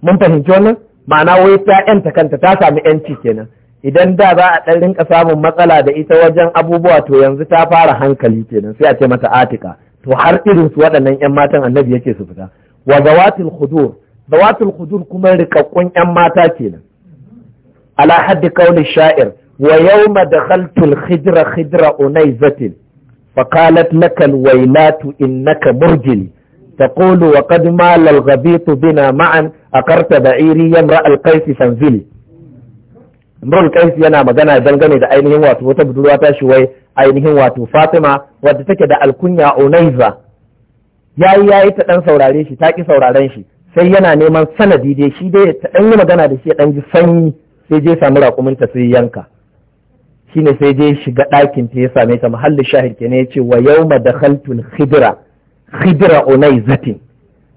mun fahimci wannan ma'ana wai ta yanta kanta ta sami yanci kenan idan da za a ɗan rinka samun matsala da ita wajen abubuwa to yanzu ta fara hankali kenan sai a ce mata atika to har irin su waɗannan yan matan annabi yake su fita wa zawatul khudur zawatul khudur kuma rikakkun yan mata kenan ala haddi sha'ir wa yawma dakhaltul khidra khidra unayzatin فقالت لك الويلات إنك مرجل تقول وقد مال الغبيط بنا معا أقرت بعيري يمرأ القيس فانزلي imrul kaisi yana magana dangane da ainihin wato wata budurwa ta shi ainihin wato fatima wadda take da alkunya unaiza yayi yayi ta dan saurare shi ta ki sauraren shi sai yana neman sanadi dai shi dai ta dan magana da shi ya dan ji sanyi sai je samu raƙuminta sai yanka shine sai je shiga ɗakin ta ya same ta mahalli shahid ne ya ce wa da dakhaltul Khidira. Khidira unaizatin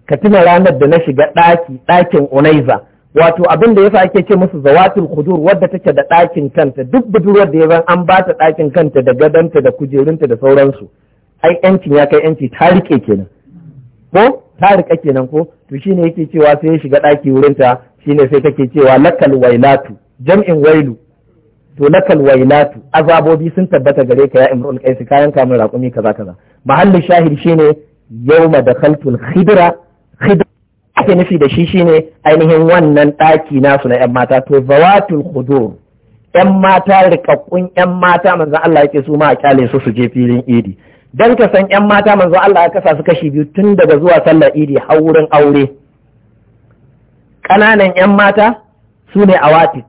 ka tuna ranar da na shiga ɗaki ɗakin unaiza wato abin da yasa ake ce musu zawatul kudur wadda take da ɗakin kanta duk budurwar da ya zan an bata ɗakin kanta da gadonta da kujerunta da sauransu ai yancin ya kai yanci ta rike kenan ko ta rike kenan ko to shine yake cewa sai ya shiga ɗaki wurinta shine sai take cewa lakal wailatu jam'in wailu to lakal wailatu azabobi sun tabbata gare ka ya imrul kaisi kayan kamun raƙumi kaza kaza mahallin shi shine yawma dakhaltul khidra khidra ake nufi da shi shine ainihin wannan ɗaki nasu na yan mata to zawatul khudur yan mata rikakkun yan mata manzon Allah yake su ma a kyale su su je filin idi dan ka san yan mata manzon Allah ya kasa su kashi biyu tun daga zuwa sallar idi har wurin aure ƙananan 'yan mata su ne Watik.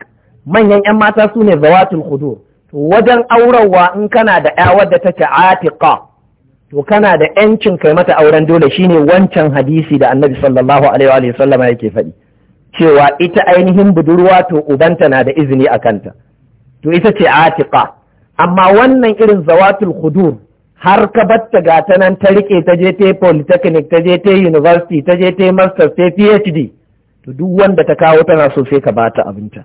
manyan 'yan mata su ne zawatul hudur wajen aurarwa in kana da 'ya wadda take atiqa to kana da 'yancin kai mata auren dole shine wancan hadisi da annabi sallallahu alaihi wa sallama yake faɗi cewa ita ainihin budurwa to ubanta na da izini a kanta to ita ce atiqa amma wannan irin zawatul hudur har ka batta gata nan ta rike ta je ta polytechnic ta je ta university ta je ta masters ta phd to duk wanda ta kawo tana so sai ka bata abinta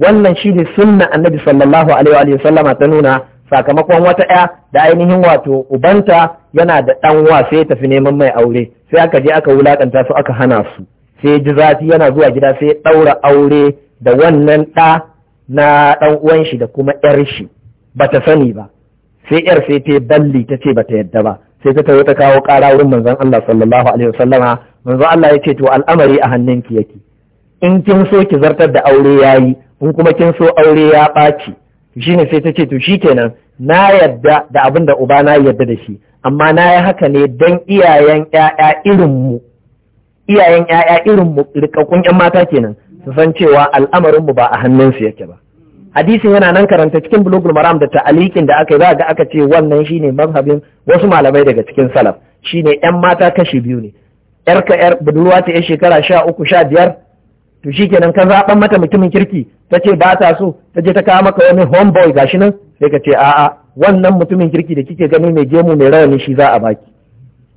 wannan shi ne sunna annabi sallallahu alaihi wa sallama ta nuna sakamakon wata ɗaya da ainihin wato ubanta yana da ɗan wa sai ya tafi neman mai aure sai aka je aka wulakanta su aka hana su sai ji zafi yana zuwa gida sai ya ɗaura aure da wannan ɗa na ɗan uwan shi da kuma ƴar shi bata sani ba sai ƴar sai ta balli ta ce bata yadda ba sai ta tawo ta kawo ƙara wurin manzon Allah sallallahu alaihi wa sallama manzo Allah ya ce to al'amari a hannunki yake in kin so ki zartar da aure yayi in kuma kin so aure ya ɓaci shine sai ta ce to shikenan na yadda da abin da uba na yadda da shi amma na yi haka ne dan iyayen ƴaƴa irin mu iyayen ƴaƴa irin mu rikakkun ƴan mata kenan su san cewa al'amarin mu ba a su yake ba hadisin yana nan karanta cikin bulugul maram da ta'alikin da aka yi za ga aka ce wannan shine mazhabin wasu malamai daga cikin salaf shine ƴan mata kashi biyu ne yarka yar budurwa ta yar shekara sha uku sha biyar to shikenan ka zaɓan mata mutumin kirki ta ce ba ta so ta je ta kawo maka wani homeboy gashi nan sai ka ce a'a wannan mutumin kirki da kike gani mai gemu mai rawani shi za a baki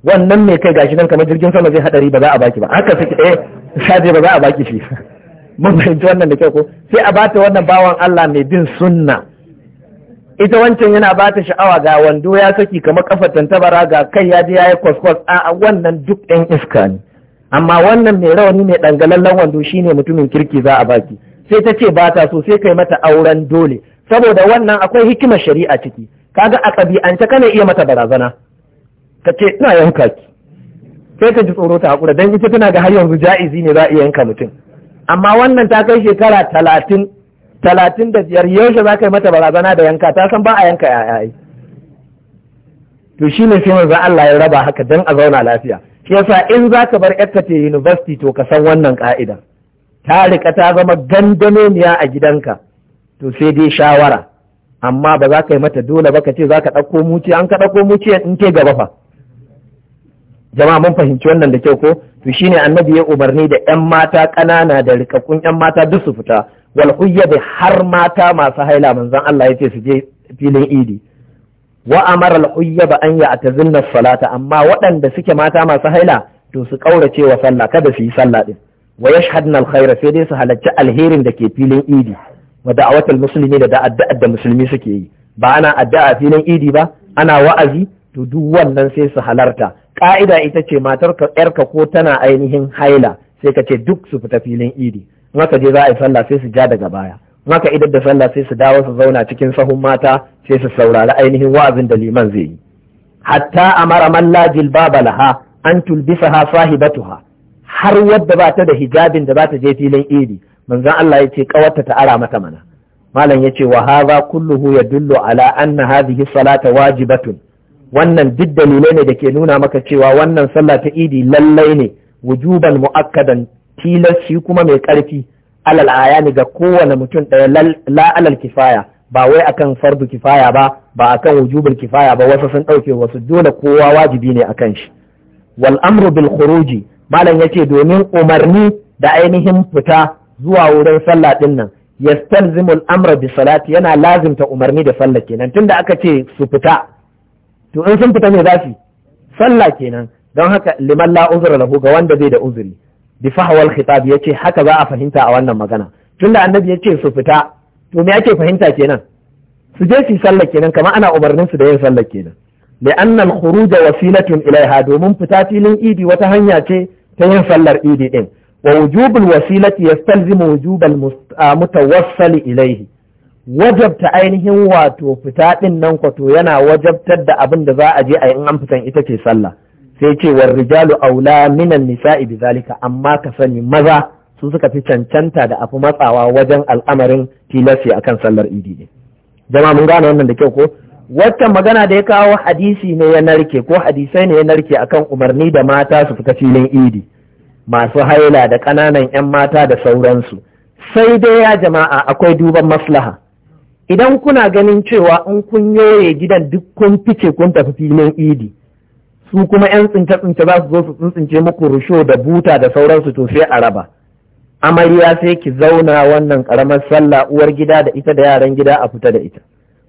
wannan mai kai gashi nan kamar jirgin sama zai haɗari ba za a baki ba haka saki ɗaya je ba za a baki shi mun fahimci wannan da kyau ko sai a bata wannan bawan Allah mai bin sunna ita wancan yana ba ta sha'awa ga wando ya saki kamar kafa tantabara ga kai ya je ya kwaskwas a wannan duk ɗan iska ne amma wannan mai rawani mai ɗangalallen wando shine mutumin kirki za a baki sai ta ce ba ta so sai kai mata auren dole saboda wannan akwai hikimar shari'a ciki kaga a ƙabi'ance kana iya mata barazana ka ce ina yanka ki sai ka ji tsoro ta haƙura don ita tana ga har yanzu ja'izi ne za a iya yanka mutum amma wannan ta kai shekara talatin talatin da biyar yaushe za ka yi mata barazana da yanka ta san ba a yanka yayaye to shi ne sai za Allah ya raba haka don a zauna lafiya shi yasa in za ka bar yarka ta university to ka san wannan ka'ida ta rika ta zama gandameniya a gidanka to sai dai shawara amma ba za ka yi mata dole ba ka ce za ka ɗauko muci an ka ɗauko muci in ke gaba fa jama'a mun fahimci wannan da kyau ko to shine annabi ya umarni da yan mata ƙanana da rikakkun yan mata duk su fita wal har mata masu haila manzon Allah ce su je filin idi wa amara al huyyaba an ya'tazinna salata amma waɗanda suke mata masu haila to su kaurace wa sallah kada su yi sallah din wa yashhadna al khaira sai dai su halarci alherin da ke filin idi wa da'awatul muslimi da da'adda'ar da musulmi suke yi ba ana addu'a filin idi ba ana wa'azi to duk wannan sai su halarta ka'ida ita ce matar yarka ko tana ainihin haila sai ka ce duk su fita filin idi in aka je za a yi sallah sai su ja daga baya in aka idar da sallah sai su dawo su zauna cikin sahun mata sai su saurari ainihin wa'azin da liman zai yi hatta amara man la jilbaba laha an tulbisaha sahibatuha har wadda ba ta da hijabin da za ta je filin idi manzon Allah ya ce kawarta ta ara mata mana malam ya ce wa hadha kulluhu yadullu ala anna hadhihi salata wajibatun wannan duk dalilai ne da ke nuna maka cewa wannan sallah ta idi lallai ne wujuban mu'akkadan tilas shi kuma mai ƙarfi alal ayani ga kowane mutum ɗaya la alal kifaya ba wai akan fardu kifaya ba ba akan wujubul kifaya ba wasu sun ɗauke wasu dole kowa wajibi ne akan shi wal amru bil khuruji malam yace domin umarni da ainihin fita zuwa wurin sallah din nan yastalzimu al bi salati yana lazimta umarni da sallah kenan tunda aka ce su fita to in sun fita me za su sallah kenan don haka liman la uzra lahu ga wanda zai da uzuri bi fahwal khitab yace haka za a fahimta a wannan magana tunda annabi yace su fita to me ake fahimta kenan su je su sallah kenan kamar ana umarnin su da yin sallah kenan li anna al khuruj wasilatun ilaiha domin fita filin idi wata hanya ce ta yin sallar idi din wa wujubul wasilati yastalzimu wujubal ah, mutawassal ilaihi wajabta ainihin wato fita din nan kwato yana wajabtar da abin da za a je a yi in an fitan ita ce sallah sai ce wa rijalu aula minan nisa'i bizalika amma ka sani maza su suka fi cancanta da afi matsawa wajen al'amarin tilasi akan sallar idi ne jama'a mun gane wannan da kyau ko wata magana da ya kawo hadisi ne ya narke ko hadisai ne ya narke akan umarni da mata su fita filin idi masu haila da ƙananan 'yan mata da sauransu sai dai ya jama'a akwai duban maslaha idan kuna ganin cewa in kun yoye gidan duk kun fice kun tafi filin idi su kuma yan tsince tsince za su zo su tsince muku rusho da buta da sauransu to sai a raba amarya sai ki zauna wannan ƙaramar sallah uwar gida da ita da yaran gida a fita da ita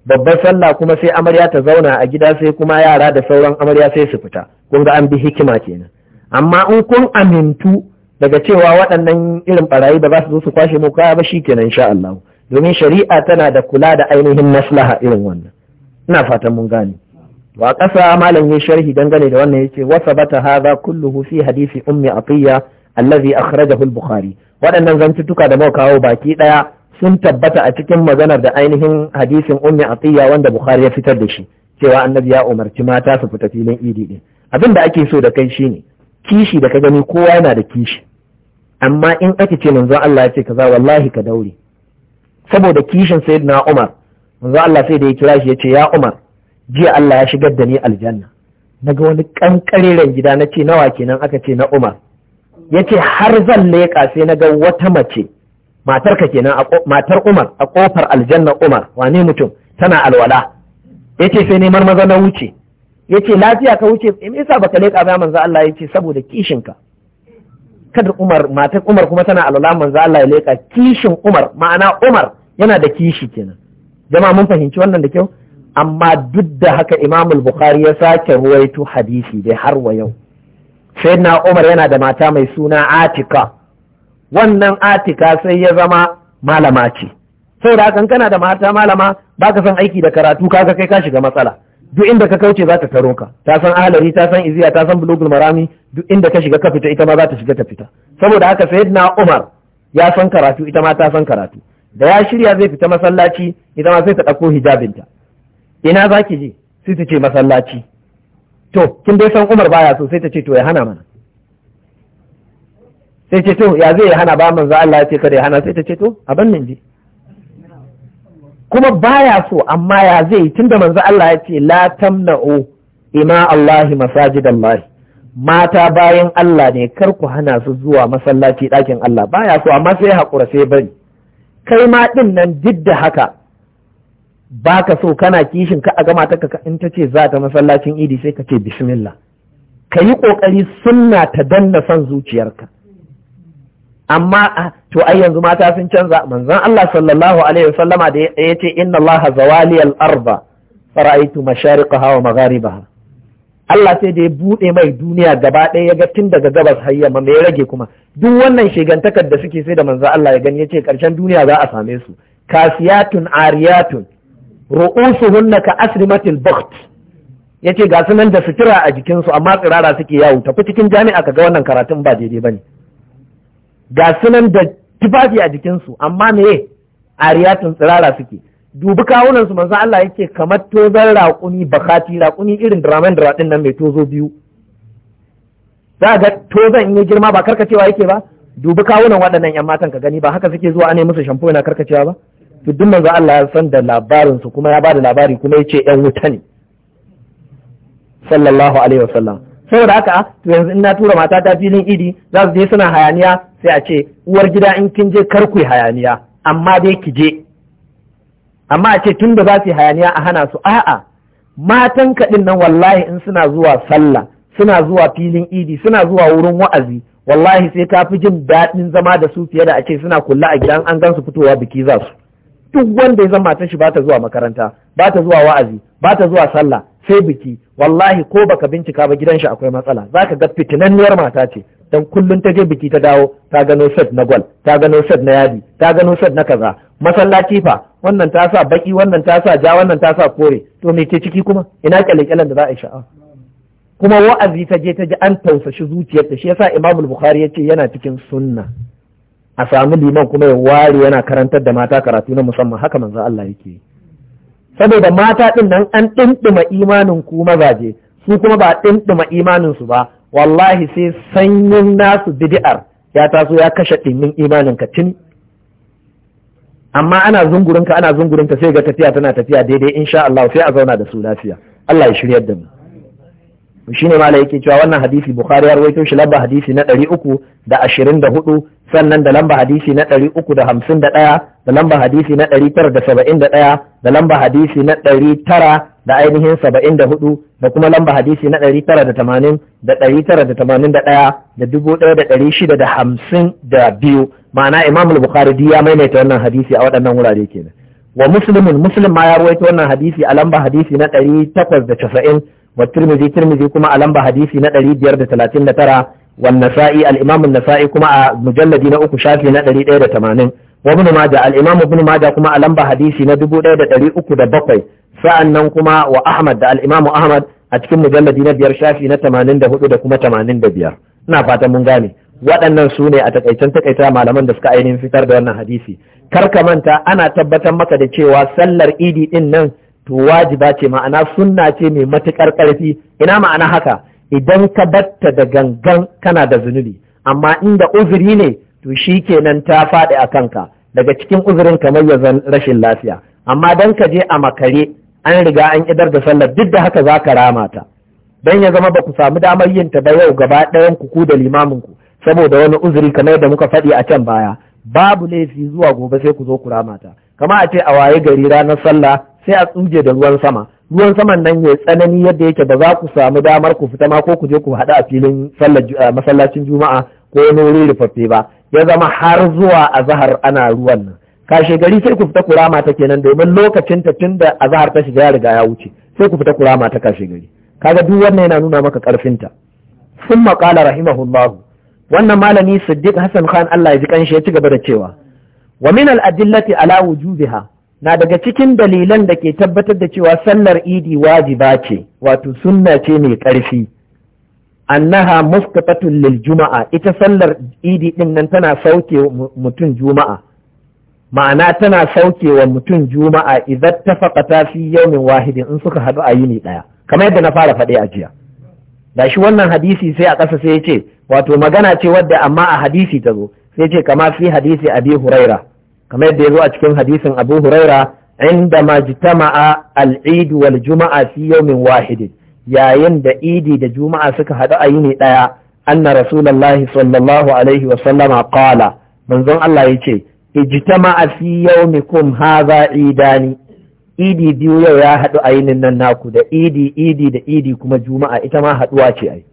babbar sallah kuma sai amarya ta zauna a gida sai kuma yara da sauran amarya sai su fita kun ga an bi hikima kenan amma in kun amintu daga cewa waɗannan irin ɓarayi ba za su zo su kwashe muku kaya ba shi kenan insha Allah domin shari'a tana da kula da ainihin maslaha irin wannan ina fatan mun gane wa ƙasa malam ya sharhi dangane da wannan yace wa bata hadha kulluhu fi hadisi ummi atiya allazi akhrajahu al-bukhari waɗannan zantuttuka da muka kawo baki ɗaya sun tabbata a cikin maganar da ainihin hadisin ummi atiya wanda bukhari ya fitar da shi cewa annabi ya umarci mata su fita filin idi din abin da ake so da kai shine kishi da ka gani kowa yana da kishi amma in ake ce manzo Allah ya ce kaza wallahi ka daure saboda kishin sayyidina Umar manzo Allah sai da ya kira shi ya ce ya Umar jiya Allah ya shigar da ni aljanna na ga wani kankareren gida na ce nawa kenan aka ce na Umar ya ce har zan leƙa sai na ga wata mace matar ka kenan matar Umar a kofar aljanna Umar wane mutum tana alwala ya ce sai neman maza na wuce ya ce lafiya ka wuce in eh, isa ba ka leƙa ba manzo Allah ya ce saboda kishin ka. kada Umar matar Umar kuma tana alwala manzo Allah ya leƙa kishin Umar ma'ana Umar yana da kishi kenan jama'a mun fahimci wannan da kyau amma duk da haka imam bukhari ya sake ruwaito hadisi dai har wa yau sayyidina umar yana da mata mai suna atika wannan atika sai ya zama malama ce saboda hakan kana da mata malama baka san aiki da karatu kaga kai ka shiga matsala duk inda ka kauce za ta taro ka ta san ahalari ta san iziya ta san bulugul marami duk inda ka shiga ka fita ita ma za ta shiga ta fita saboda haka sayyidina umar ya san karatu ita ma ta san karatu da ya shirya zai fita masallaci ita ma sai ta ɗauko hijabinta ina za ki je sai ta ce masallaci to kin dai san umar baya so sai ta ce to ya hana mana sai ce to ya zai hana ba manzo Allah ya ce kada ya hana sai ta ce to a ban je kuma baya so amma ya zai tunda manzo Allah ya ce la tamna'u ima Allah masajidallahi mata bayan Allah ne kar ku hana su zuwa masallaci ɗakin Allah baya so amma sai haƙura sai bari kai ma ɗin nan duk haka ba ka so kana kishin ka a gama ta ka in ta ce za ta masallacin idi sai ka ce bismillah ka yi ƙoƙari sunna ta danna son zuciyarka amma to ai yanzu mata sun canza manzon Allah sallallahu alaihi wasallama da ya ce inna Allah zawali al-arba fara'aitu mashariqaha wa magharibaha Allah sai da ya buɗe mai duniya gaba ɗaya ya ga tun daga gabas har yamma ya rage kuma duk wannan shigantakar da suke sai da manzo Allah ya gani ya ce ƙarshen duniya za a same su kasiyatun ariyatun hunna ka asrimatil bakht yace ga su nan da sutura a jikinsu amma tsirara suke yawo tafi cikin jami'a kaga wannan karatun ba daidai bane ga su nan da tufafi a jikinsu amma meye ariyatun tsirara suke dubi kawunan su manzo Allah yake kamar tozan raƙuni bakati raƙuni irin dramen dra din nan mai tozo biyu za ga tozan in ya girma ba karkacewa yake ba dubi kawunan waɗannan yan matan ka gani ba haka suke zuwa ne musu shampo yana karkacewa ba to duk manzo Allah ya san da labarin su kuma ya bada labari kuma ya ce yan wuta ne sallallahu alaihi wasallam saboda haka to yanzu in na tura mata ta filin idi za su je suna hayaniya sai a ce uwar gida in kin je kar ku hayaniya amma dai ki je amma a ce tun da za su hayaniya a hana su a'a matan kaɗin nan wallahi in suna zuwa sallah suna zuwa filin idi suna zuwa wurin wa'azi wallahi sai kafi fi jin daɗin zama da su fiye da a ce suna kulla a gidan an gansu fitowa biki za su duk wanda ya zama matar ba ta zuwa makaranta ba ta zuwa wa'azi ba ta zuwa sallah sai biki wallahi ko baka bincika ba gidan shi akwai matsala zaka ga fitinanniyar mata ce dan kullum ta je biki ta dawo ta gano set na gwal ta gano set na yadi ta gano set na kaza masallaci fa wannan ta sa baki wannan ta sa ja wannan ta sa kore to me ke ciki kuma ina kyalekyalen da za a yi sha'a kuma wa'azi ta je ta ji an tausashi zuciyarta shi yasa imamul bukhari ce yana cikin sunna a samu liman kuma ya ware yana karantar da mata karatu na musamman haka manzo Allah yake saboda mata din nan an dindima imanin ku mazaje su kuma ba dindima imanin su ba wallahi sai sanyin nasu bid'ar ya taso ya kashe ɗimin imanin ka tuni amma ana zungurinka ana zungurinka sai ga tafiya tana tafiya daidai insha Allah sai a zauna da su lafiya Allah ya shiryar da mu shine malai yake cewa wannan hadisi bukhari ya rawaito shi lamba hadisi na ɗari uku da ashirin da hudu sannan da lamba hadisi na ɗari uku da hamsin da ɗaya da lamba hadisi na ɗari tara da saba'in da ɗaya da lamba hadisi na ɗari tara da ainihin saba'in da hudu da kuma lamba hadisi na ɗari tara da tamanin da ɗari tara da tamanin da ɗaya da dubu ɗaya da ɗari shida da hamsin da biyu ma'ana imam bukhari duk ya maimaita wannan hadisi a waɗannan wurare kenan wa muslimin muslim ma ya rawaito wannan hadisi a lamba hadisi na ɗari takwas da casa'in wa tirmizi tirmizi kuma a lamba hadisi na 539 wa nasa'i al-imam an-nasa'i kuma a mujalladi na uku shafi na 180 wa ibn majah al-imam ibn kuma a lamba hadisi na 1307 sa'annan kuma wa ahmad da al ahmad a cikin mujalladi na biyar shafi na da kuma ina fatan mun gane waɗannan su ne a takaicen takaita malaman da suka ainihin fitar da wannan hadisi kar ka manta ana tabbatar maka da cewa sallar idi din nan to wajiba ce ma'ana sunna ce mai matuƙar ƙarfi ina ma'ana haka idan ka batta da gangan kana da zunubi amma inda uzuri ne to shi kenan ta faɗi a kanka daga cikin uzurin kamar ya zan rashin lafiya amma dan ka je a makare an riga an idar da sallar duk da haka za ka rama ta dan ya zama ba ku samu damar yin ta ba yau gaba ɗayan ku ku da limamin ku saboda wani uzuri kamar da muka faɗi a can baya babu laifi zuwa gobe sai ku zo ku rama ta kama a ce a waye gari ranar sallah sai a tsuge da ruwan sama ruwan saman nan ya tsanani yadda yake ba za ku samu damar ku fita ma ko ku je ku haɗu a filin masallacin juma'a ko wani wuri rufaffe ba ya zama har zuwa azahar ana ruwan nan kashe gari sai ku fita kurama ta kenan domin lokacin ta tun da azahar ta shiga ya riga ya wuce sai ku fita kurama ta kashe gari kaga duk wannan yana nuna maka karfin ta sun maƙala rahimahullahu wannan malami siddiq hassan khan allah ya ji kanshi ya ci gaba da cewa wa min al adillati ala wujubiha na daga cikin dalilan da ke tabbatar da cewa sallar idi wajiba ce wato sunna ce mai ƙarfi annaha mustafatun lil juma'a ita sallar idi din nan tana sauke mutum juma'a ma'ana tana sauke wa mutum juma'a idan ta faƙata fi yaumin wahidin in suka haɗu a yini ɗaya kamar yadda na fara faɗi a jiya da shi wannan hadisi sai a ƙasa sai ya ce wato magana ce wadda amma a hadisi ta zo sai ce kama fi hadisi abi huraira kamar yadda ya zo a cikin hadisin abu huraira inda ma jitama'a al'id wal juma'a fi yawmin wahid yayin da idi da juma'a suka haɗu a yini ɗaya anna rasulullahi sallallahu alaihi wa sallama qala manzon Allah yace ijtama'a fi yawmikum hadha idani idi biyu yau ya haɗu a yinin nan naku da idi idi da idi kuma juma'a ita ma haɗuwa ce ai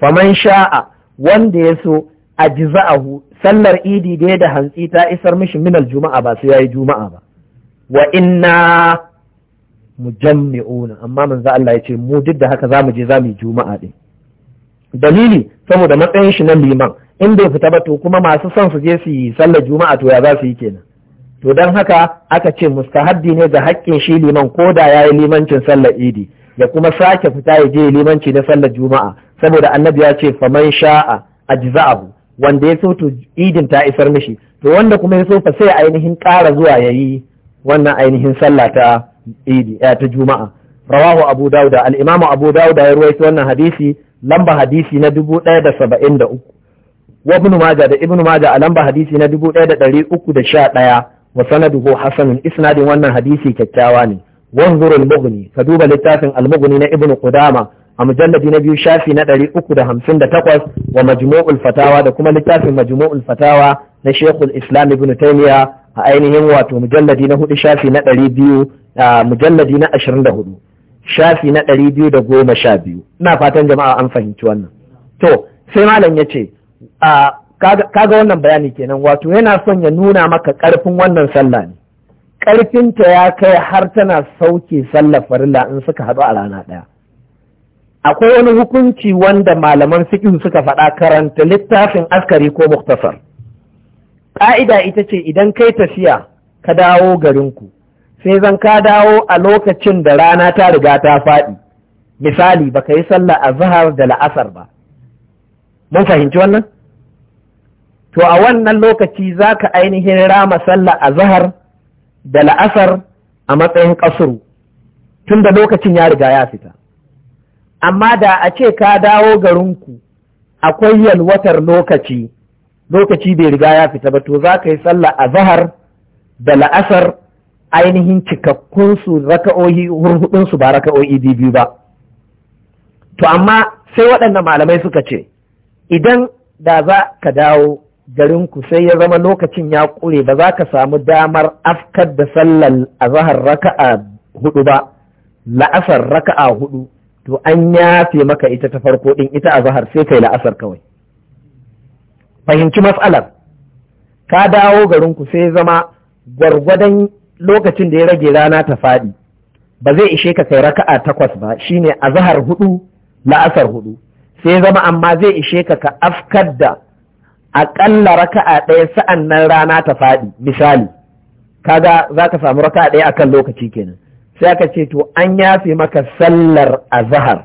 faman sha'a wanda ya so ajza'ahu sallar idi da da hantsi ta isar mishi minal juma'a ba sai yayi juma'a ba wa inna mujammi'una amma manzo Allah ya ce mu duk da haka zamu je zamu yi juma'a din dalili saboda matsayin shi na liman in bai fita ba to kuma masu son su je su yi sallar juma'a to ya za su yi kenan to don haka aka ce mustahabbi ne ga haƙƙin shi liman ko da ya yi limancin sallar idi ya kuma sake fita ya je limanci na sallar juma'a saboda annabi ya ce faman sha'a ajza'ahu wanda ya so to idin ta isar mishi to wanda kuma ya so fa sai ainihin ƙara zuwa ya yi wannan ainihin sallah ta idi eh, ta juma'a rawahu abu dauda al-imamu abu dauda ya ruwaito wannan hadisi lamba hadisi na 1073 wa ibnu majah da ibnu Maja a lamba hadisi na dubu ɗaya da da ɗari uku sha ɗaya wa sanaduhu hasanun isnadin wannan hadisi kyakkyawa ne wanzur al-mughni ka duba littafin al-mughni na ibnu qudama a mujalladi na biyu shafi na ɗari uku da hamsin da takwas wa majmu'ul fatawa da kuma littafin majmu'ul fatawa na shekul islam ibn taimiya a ainihin wato mujalladi na hudu shafi na ɗari biyu a mujalladi na ashirin da hudu shafi na ɗari biyu da goma sha biyu ina fatan jama'a an fahimci wannan to sai malam ya ce kaga wannan bayani kenan wato yana son ya nuna maka ƙarfin wannan sallah ne ƙarfinta ya kai har tana sauke sallar farilla in suka haɗu a rana ɗaya akwai wani hukunci wanda malaman fiqh suka faɗa karanta littafin askari ko muktasar ƙa'ida ita ce idan kai tafiya ka dawo garinku sai zan ka dawo a lokacin da rana ta riga ta faɗi misali baka yi sallah a zahar da la'asar ba mun fahimci wannan to a wannan lokaci za ka ainihin rama sallah a zahar da la'asar a matsayin ƙasuru tun da lokacin ya riga ya fita amma da a ce ka dawo garinku akwai yalwatar lokaci lokaci bai riga ya fita ba to za ka yi sallah a zahar da la'asar ainihin cikakkun su raka'o'i hurhudun su ba raka'o'i biyu ba to amma sai waɗannan malamai suka ce idan da za ka dawo garinku sai ya zama lokacin ya ƙure ba za ka samu damar afkar da sallar a zahar raka'a hudu ba la'asar raka'a hudu to an yafe maka ita ta farko din ita a zahar sai kai la'asar kawai fahimci matsalar ka dawo garinku sai zama gwargwadon lokacin da ya rage rana ta faɗi ba zai ishe ka kai raka'a takwas ba shine a hudu la'asar hudu sai zama amma zai ishe ka ka afkar da aƙalla raka'a ɗaya sa'an nan rana ta faɗi misali kaga za ka samu raka'a ɗaya akan lokaci kenan sai aka ce to an yafe maka sallar azhar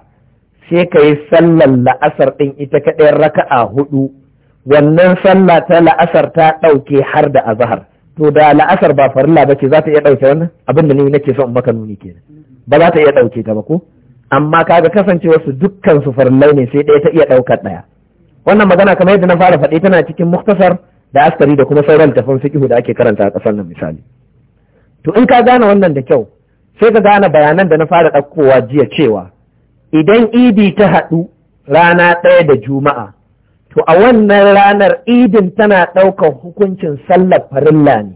sai ka yi sallar la'asar ɗin ita kaɗai raka'a hudu wannan sallah ta la'asar ta ɗauke har da azhar to da la'asar ba farilla ba ce za ta iya ɗauke wannan abin da ni nake son maka nuni kenan ba za ta iya ɗauke ta ba ko amma kaga kasancewar su dukkan su farillai ne sai ɗaya ta iya ɗaukar ɗaya wannan magana kamar yadda na fara faɗi tana cikin muktasar da askari da kuma sauran tafin fiqhu da ake karanta a ƙasar nan misali to in ka gane wannan da kyau sai ka gane bayanan da na fara ɗaukowa jiya cewa idan idi ta haɗu rana ɗaya da juma'a to a wannan ranar idin tana ɗaukar hukuncin sallar farilla ne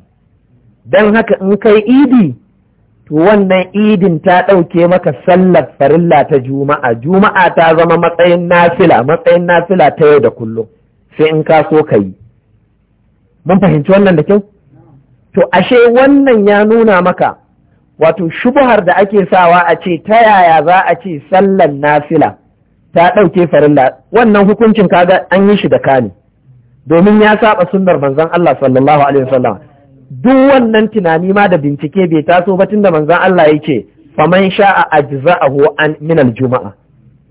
don haka in kai idi to wannan idin ta ɗauke maka sallar farilla ta juma'a juma'a ta zama matsayin nafila matsayin nafila ta yau da kullum sai in ka so ka yi mun fahimci wannan da kyau to ashe wannan ya nuna maka wato shubuhar da ake sawa a ce ta yaya za a ce sallan nafila ta ɗauke farilla wannan hukuncin kaga an yi shi da kani domin ya saba sunnar manzon Allah sallallahu alaihi wasallam duk wannan tunani ma da bincike bai taso ba tunda manzon Allah yake faman sha'a ajza'ahu an min al-juma'a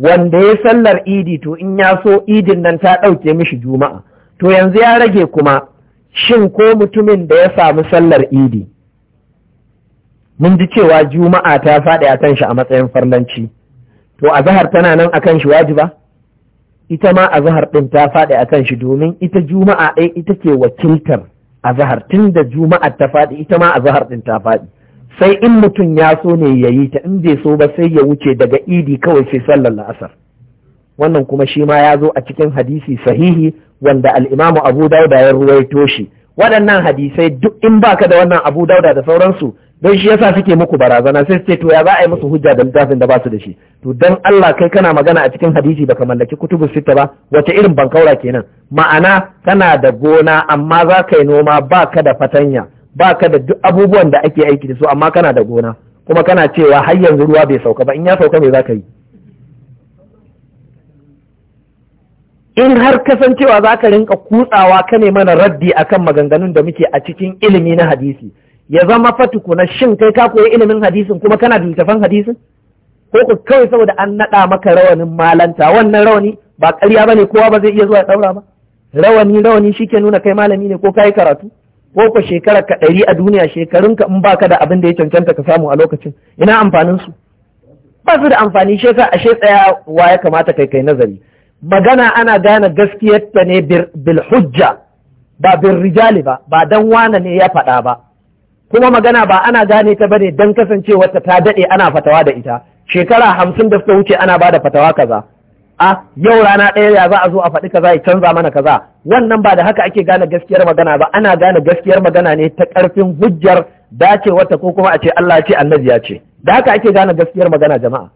wanda ya sallar idi to in ya so idin nan ta ɗauke mishi juma'a to yanzu ya rage kuma shin ko mutumin da ya samu sallar idi mun ji cewa juma'a ta faɗi a kan shi a matsayin farlanci to azahar tana nan akan shi wajiba ita ma azahar ɗin ta faɗi a kan shi domin ita juma'a ɗaya ita ke wakiltar azahar tun da juma'a ta faɗi ita ma azahar ɗin ta faɗi sai in mutum ya so ne ya yi ta in bai so ba sai ya wuce daga idi kawai sai sallar la'asar wannan kuma shi ma ya zo a cikin hadisi sahihi wanda al'imamu abu dauda ya ruwaito shi waɗannan hadisai duk in baka da wannan abu dauda da sauransu don shi yasa suke muku barazana sai ce to ya za a yi musu hujja da littafin da ba su da shi to dan Allah kai kana magana a cikin hadisi baka mallaki kutubu sita ba wace irin bankaura kenan ma'ana kana da gona amma za ka yi noma Ba ka da fatanya ba ka da duk abubuwan da ake aiki da su amma kana da gona kuma kana cewa har yanzu ruwa bai sauka ba in ya sauka me za ka yi in har kasancewa za ka rinka kutsawa ka ne mana raddi akan maganganun da muke a cikin ilimi na hadisi ya zama fatuku na shin kai ka koyi ilimin hadisin kuma kana da littafan hadisin ko ku kawai saboda an naɗa maka rawanin malanta wannan rawani ba ƙarya bane kowa ba zai iya zuwa ɗaura ba rawani rawani shi ke nuna kai malami ne ko kai karatu ko ko shekara ka ɗari a duniya shekarun ka in baka da abin da ya cancanta ka samu a lokacin ina amfanin su ba su da amfani shi yasa ashe tsaya wa ya kamata kai kai nazari magana ana gane gaskiyarta ne bil hujja ba bil rijali ba ba dan wane ne ya faɗa ba kuma magana ba ana gane ta bane dan kasancewarta ta daɗe ana fatawa da ita shekara hamsin da suka wuce ana bada fatawa kaza a yau rana ɗaya ya za a zo a faɗi kaza ya canza mana kaza wannan ba da haka ake gane gaskiyar magana ba ana gane gaskiyar magana ne ta ƙarfin hujjar dacewarta ko kuma a ce Allah ce annabi ya ce da haka ake gane gaskiyar magana jama'a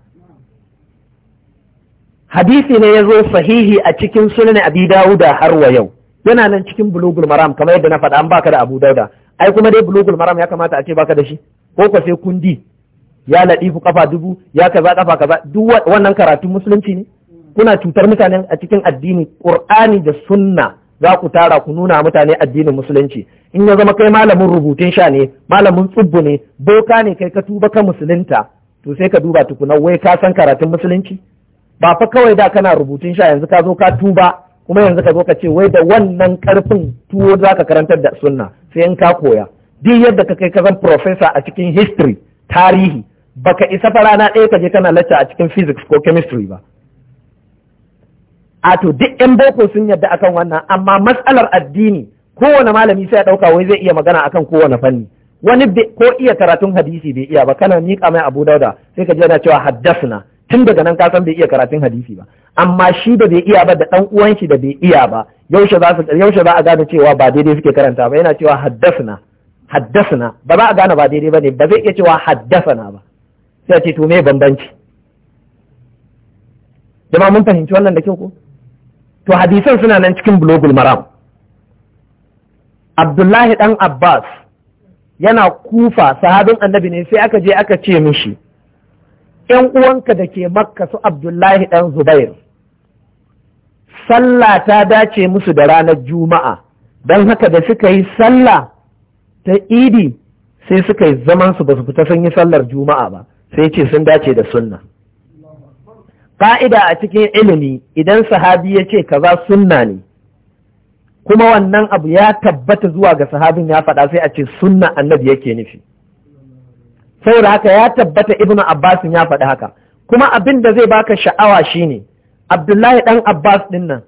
hadisi ne ya zo sahihi a cikin sunan abi dawuda har wa yau yana nan cikin bulugul maram kamar yadda na faɗa an baka da abu dauda ai kuma dai bulugul maram ya kamata a ce baka da shi ko ko sai kundi ya ladifu kafa dubu ya kaza kafa kaza duk wannan karatu musulunci ne kuna cutar mutane a cikin addini qur'ani da sunna za ku tara ku nuna mutane addinin musulunci in ya zama kai malamin rubutun sha ne malamin tsubbu ne boka ne kai ka tuba ka musulunta to sai ka duba tukuna wai ka san karatun musulunci ba fa kawai da kana rubutun sha yanzu ka zo ka tuba kuma yanzu ka zo ka ce wai da wannan karfin tuwo za ka karantar da sunna sai in ka koya duk yadda ka kai ka zan professor a cikin history tarihi baka isa fa rana ɗaya ka je kana lacca a cikin physics ko chemistry ba a to duk yan boko sun yadda akan wannan amma matsalar addini kowane malami sai ya ɗauka wai zai iya magana akan kowane fanni wani ko iya karatun hadisi bai iya ba kana miƙa mai abu dauda sai ka je yana cewa haddasna tun daga nan kasan bai iya karatun hadisi ba amma shi da bai iya ba da dan uwan shi da bai iya ba yaushe za su yaushe za a gane cewa ba daidai suke karanta ba yana cewa haddasna haddasna ba za a gane ba daidai bane ba zai iya cewa haddasana ba sai ce to me bambanci jama'a mun fahimci wannan da kyau ko to hadisan suna nan cikin bulogul maram Abdullahi dan Abbas yana kufa sahabin annabi ne sai aka je aka ce mishi 'yan uwanka da ke makka su abdullahi ɗan zubair sallah ta dace musu da ranar juma'a don haka da suka yi sallah ta idi sai suka yi zaman su ba su fita sun yi sallar juma'a ba sai ce sun dace da sunna ka'ida a cikin ilimi idan sahabi ya ce kaza sunna ne kuma wannan abu ya tabbata zuwa ga sahabin ya faɗa sai a ce sunna annabi yake nufi saboda haka ya tabbata ibn abbas ya faɗi haka kuma abin da zai baka sha'awa shine abdullahi dan abbas din nan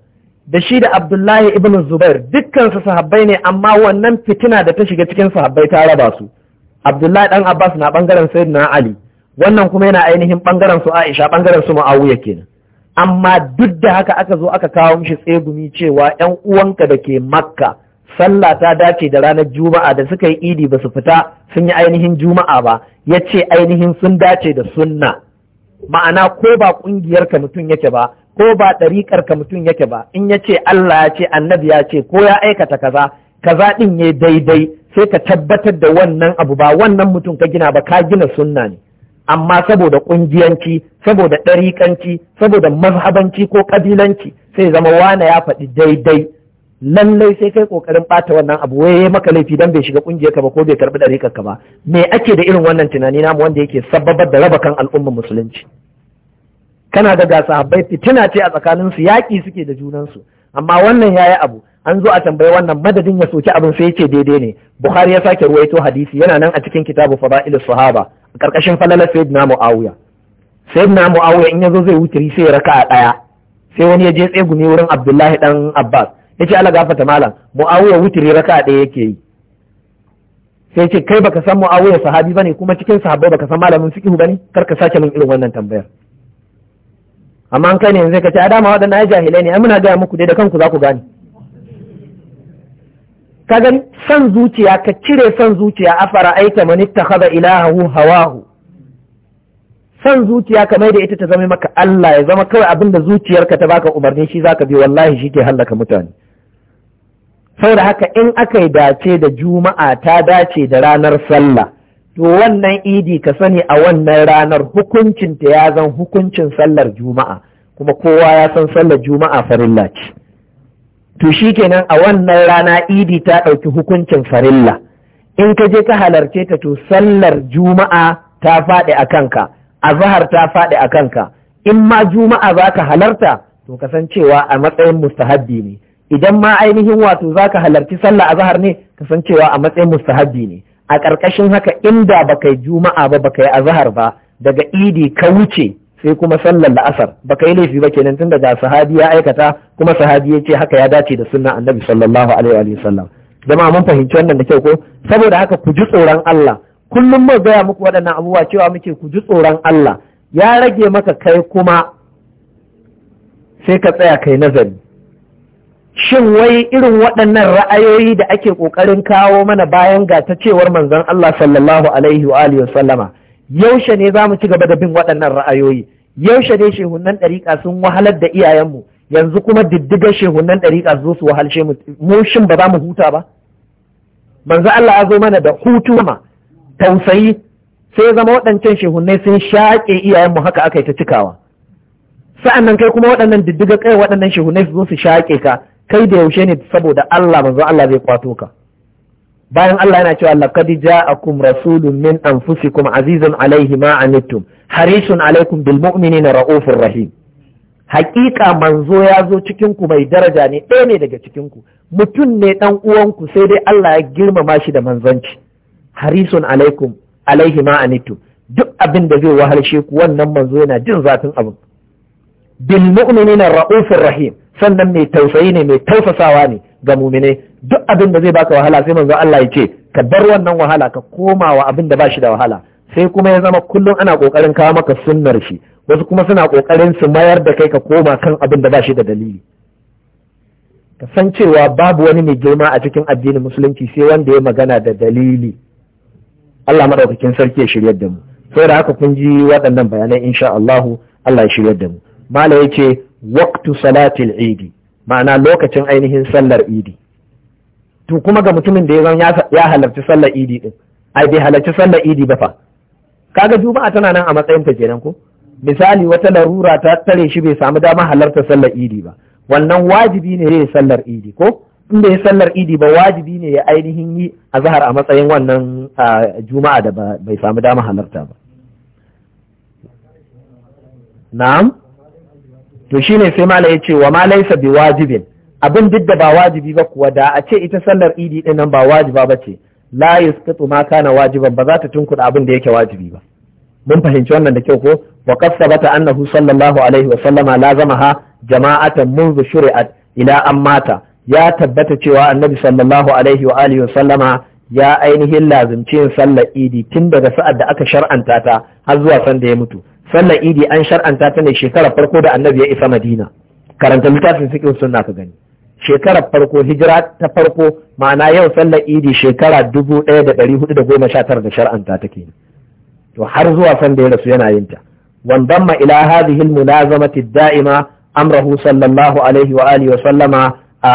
da shi da abdullahi ibn zubair dukkan su sahabbai ne amma wannan fitina da ta shiga cikin sahabbai ta raba su abdullahi dan abbas na bangaren sayyidina ali wannan kuma yana ainihin bangaren su aisha bangaren su muawiya kenan amma duk da haka aka zo aka kawo mishi tsegumi cewa yan uwanka da ke makka sallah ta dace da ranar juma'a da suka yi idi ba su fita sun yi ainihin juma'a ba ya ce ainihin sun dace da sunna ma'ana ko ba ƙungiyar ka mutum yake ba ko ba ɗariƙar ka mutum yake ba in ya ce Allah ya ce annabi ya ce ko ya aikata kaza kaza ɗin ya daidai sai ka tabbatar da wannan abu ba wannan mutum ka gina ba ka gina sunna ne amma saboda ƙungiyanci saboda ɗariƙanci saboda mazhabanci ko ƙabilanci sai zama wane ya faɗi daidai lallai sai kai kokarin bata wannan abu waye maka laifi dan bai shiga kungiyar ka ba ko bai karbi dariƙar ka ba me ake da irin wannan tunani namu wanda yake sababar da raba kan al'ummar musulunci kana ga ga sahabbai fitina ce a tsakanin su yaki suke da junan su amma wannan yayi abu an zo a tambayi wannan madadin ya soki abin sai yace daidai ne bukhari ya sake ruwaito hadisi yana nan a cikin kitabu fada'ilus sahaba a karkashin falalar sayyidina muawiya sayyidina muawiya in yazo zai wutiri sai raka'a daya sai wani ya je tsegumi wurin abdullahi dan abbas ce Allah gafarta malam muawiya wutiri raka ɗaya yake yi sai ce kai baka san muawiya sahabi bane kuma cikin sahabbai baka san malamin fiqh bane kar ka sake min irin wannan tambayar amma an kai ne yanzu ka ce a dama waɗannan ya jahilai ne ai muna gaya muku dai da kanku za ku gane ka gani san zuciya ka cire san zuciya afara aita man ittakhadha ilahu hawahu san zuciya ka mai da ita ta zama maka Allah ya zama kawai abin da zuciyarka ta baka umarni shi zaka bi wallahi shi ke hallaka mutane saboda haka in aka yi dace da juma'a ta dace da ranar sallah to wannan idi ka sani a wannan ranar hukuncin ya zan hukuncin sallar juma'a kuma kowa ya san sallar juma'a farilla ce to shikenan a wannan rana idi ta ɗauki hukuncin farilla in ka je ka halarce ta to sallar juma'a ta faɗi a kanka zahar ta faɗi a kanka in ma juma'a za ka halarta to cewa a matsayin mustahabbi ne idan ma ainihin wato ka halarci sallah azhar ne ka kasancewa a matsayin mustahabbi ne a ƙarƙashin haka inda baka yi juma'a ba baka yi azhar ba daga idi ka wuce sai kuma sallar la'asar baka yi laifi ba kenan tun daga sahabi ya aikata kuma sahabi ya ce haka ya dace da sunna annabi sallallahu alaihi wa sallam jama'a mun fahimci wannan da kyau ko saboda haka ku ji tsoron Allah kullum mu gaya muku waɗannan abubuwa cewa muke ku ji tsoron Allah ya rage maka kai kuma sai ka tsaya kai nazari shin wai irin waɗannan ra'ayoyi da ake ƙoƙarin kawo mana bayan ga ta cewar manzon Allah sallallahu alaihi wa alihi sallama yaushe ne za mu ci gaba da bin waɗannan ra'ayoyi yaushe ne shehunan ɗariƙa sun wahalar da iyayenmu yanzu kuma diddigar shehunan ɗariƙa zo su wahalshe mu mu shin ba za mu huta ba manzon Allah ya zo mana da hutu ma tausayi sai zama waɗancan shehunai sun shaƙe iyayenmu haka aka yi ta cikawa sa'annan kai kuma waɗannan diddiga kai waɗannan shehunai su zo su shaƙe ka kai da yaushe ne saboda Allah manzo Allah zai kwato ka bayan Allah yana cewa laqad ja'akum rasulun min anfusikum azizun alaihi ma anittum harisun alaikum bil mu'minina raufur rahim hakika manzo ya zo cikinku mai daraja ne ɗaya ne daga cikin ku mutum ne ɗan uwanku sai dai Allah ya girmama shi da manzanci harisun alaikum alaihi ma duk abin da zai wahalshe ku wannan manzo yana jin zafin abin bil mu'minina raufur rahim sannan mai tausayi ne mai tausasawa ne ga mumine duk abin da zai baka wahala sai manzo Allah ya ce ka bar wannan wahala ka koma wa abin da ba da wahala sai kuma ya zama kullum ana kokarin kawo maka sunnar shi wasu kuma suna kokarin su mayar da kai ka koma kan abin da bashi da dalili ka san cewa babu wani mai girma a cikin addinin musulunci sai wanda ya magana da dalili Allah madaukakin sarki ya shiryar da mu saboda haka kun ji waɗannan bayanai insha Allahu Allah ya shiryar da mu ya yace waktu salatil idi ma'ana lokacin ainihin sallar idi to kuma ga mutumin da ya zan ya halarci sallar idi din ai bai halarci sallar idi ba fa kaga juma'a tana nan a matsayin ta kenan ko misali wata larura ta tare shi bai samu dama halarta sallar idi ba wannan wajibi ne ya sallar idi ko in bai sallar idi ba wajibi ne ya ainihin yi a zahar a matsayin wannan juma'a da bai samu dama halarta ba na'am to shi ne sai mala ya ce wa ma laisa bi wajibin abin duk da ba wajibi ba kuwa da a ce ita sallar idi din nan ba wajiba ba ce la yasqutu ma kana wajiban ba za ta tunkuda abin da yake wajibi ba mun fahimci wannan da kyau ko wa qad sabata annahu sallallahu alaihi wa sallama lazamaha jama'atan munzu shuri'at ila an ya tabbata cewa annabi sallallahu alaihi wa alihi wa sallama ya ainihin lazimci yin sallar idi tun daga sa'ad da aka shar'anta ta har zuwa sanda ya mutu sallar idi an shar'anta ta ne shekarar farko da annabi ya isa madina karanta littafin fiqh sunna ka gani shekarar farko hijira ta farko ma'ana yau sallar idi shekara dubu ɗaya da ɗari da goma sha tara da shar'anta take to har zuwa san da ya rasu yana yin ta wandamma ila hadhihi almulazamati da'ima amrahu sallallahu alaihi wa alihi wa sallama a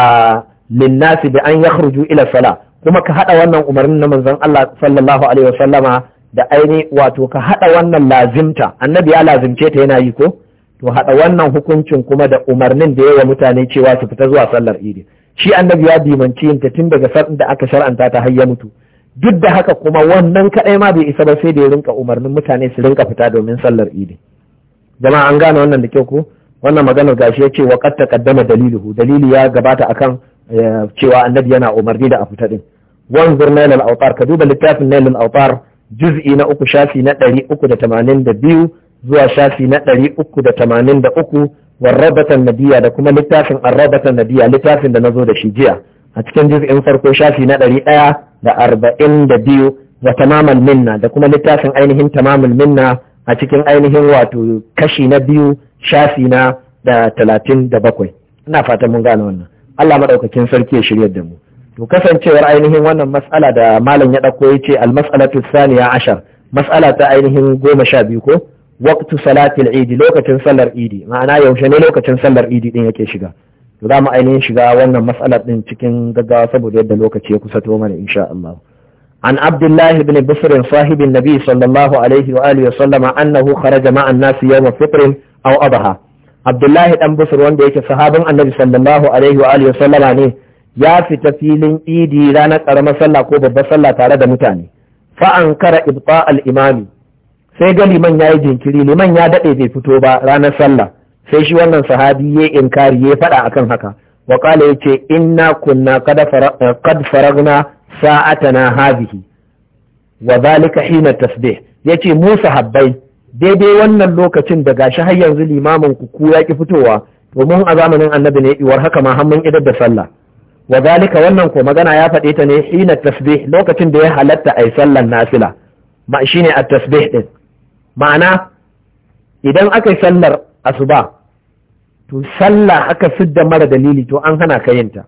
linnasi bi an yakhruju ila sala kuma ka hada wannan umarnin na manzon Allah sallallahu alaihi wa sallama da aini wato ka haɗa wannan lazimta annabi ya lazimce ta yana yi ko to haɗa wannan hukuncin kuma da umarnin da wa mutane cewa su fita zuwa sallar idi shi annabi ya dimanci yin ta tun daga sarɗin da aka shar'anta ta har ya mutu duk da haka kuma wannan kaɗai ma bai isa ba sai da ya rinka umarnin mutane su rinka fita domin sallar idi jama'a an gane wannan da kyau ko wannan maganar gashi ya ce wa ta taqaddama daliluhu dalili ya gabata akan eh, cewa annabi yana umarni da a fita din wanzur nailal autar ka duba littafin nailal autar juz'i na uku shafi na ɗari uku da tamanin da biyu zuwa shafi na ɗari uku da tamanin da uku warrabatan nadiya da kuma littafin arrabatan sanadiya littafin da na zo da shi jiya a cikin juz'in farko shafi na ɗari ɗaya da arba'in da biyu wa tamamal minna da kuma littafin ainihin tamamal minna a cikin ainihin wato kashi na biyu shafi na da talatin da bakwai ina fatan mun gane wannan Allah maɗaukakin sarki ya shirya da mu to kasancewar ainihin wannan mas'ala da malam ya ɗauko ya ce al-mas'alatu ashar mas'ala ta ainihin goma sha biyu ko waqtu salatil idi lokacin sallar idi ma'ana yaushe ne lokacin sallar idi din yake shiga to za mu ainihin shiga wannan mas'alar din cikin gaggawa saboda yadda lokaci ya kusa to mana insha Allah عن عبد الله بن بصر صاحب النبي صلى wa عليه وآله وسلم أنه خرج مع الناس يوم فطر أو أضحى عبد الله بن بصر وان ديك صحابا النبي صلى wa عليه wa وسلم ne. ya fita filin idi ranar ƙaramar sallah ko babbar sallah tare da mutane fa an kara ibqa al imami sai ga liman yayi jinkiri liman ya dade bai fito ba ranar sallah sai shi wannan sahabi ya inkari ya faɗa akan haka wa qala yace inna kunna qad faragna sa'atana hadhihi wa zalika hina tasbih yace mu sahabbai daidai wannan lokacin da gashi har yanzu limamin ku ku ya fitowa domin a zamanin annabi ne iwar haka ma har mun idar da sallah wa wannan ko magana ya faɗe ta ne hina tasbih lokacin da ya halatta ai sallan nafila ma shine at tasbih din ma'ana idan aka yi sallar asuba to sallah aka fidda mara dalili to an hana ka yinta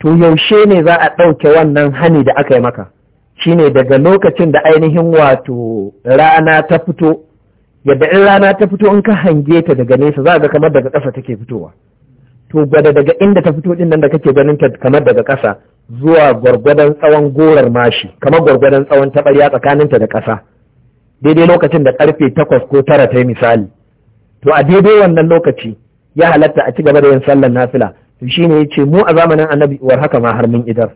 to yaushe ne za a ɗauke wannan hani da aka yi maka shine daga lokacin da ainihin wato rana ta fito yadda in rana ta fito in ka hange ta daga nesa za ga kamar daga ƙasa take fitowa to gwada daga inda ta fito din nan da kake ganin ta kamar daga ƙasa zuwa gwargwadon tsawon gorar mashi kamar gwargwadon tsawon taɓarya ta da ƙasa daidai lokacin da ƙarfe takwas ko tara ta yi misali to a daidai wannan lokaci ya halatta a ci gaba da yin sallar nafila to shine yace mu a zamanin annabi war haka ma har mun idar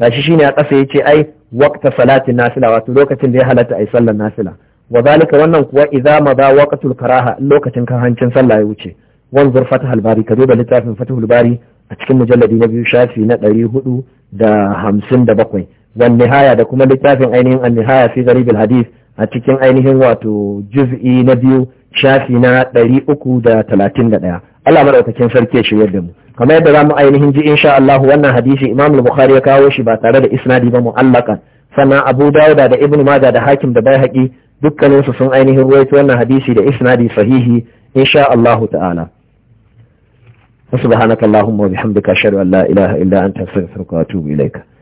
gashi shine a ƙasa yace ai waqta salati nafila wato lokacin da ya halatta yi sallar nafila wa zalika wannan kuwa idza madha waqtul karaha lokacin kan hancin sallah ya wuce wanzur fatahul bari ka duba littafin fatahul bari a cikin mujalladi na biyu shafi na ɗari hudu da hamsin da bakwai wan nihaya da kuma littafin ainihin an nihaya fi garibul hadis a cikin ainihin wato juz'i na biyu shafi na ɗari uku da talatin da ɗaya Allah maɗaukakin sarki ya shirya da mu kamar yadda za mu ainihin ji insha allahu, wannan hadisi Imam al-Bukhari ya kawo shi ba tare da isnadi ba mu'allakan sannan Abu Dawud da Ibn Majah da Hakim da haƙi, dukkaninsu sun ainihin ruwaito wannan hadisi da isnadi sahihi insha allahu ta'ala subhanakallahumma wa bihamdika ashhadu an la ilaha illa an astaghfiruka wa atubu ilaika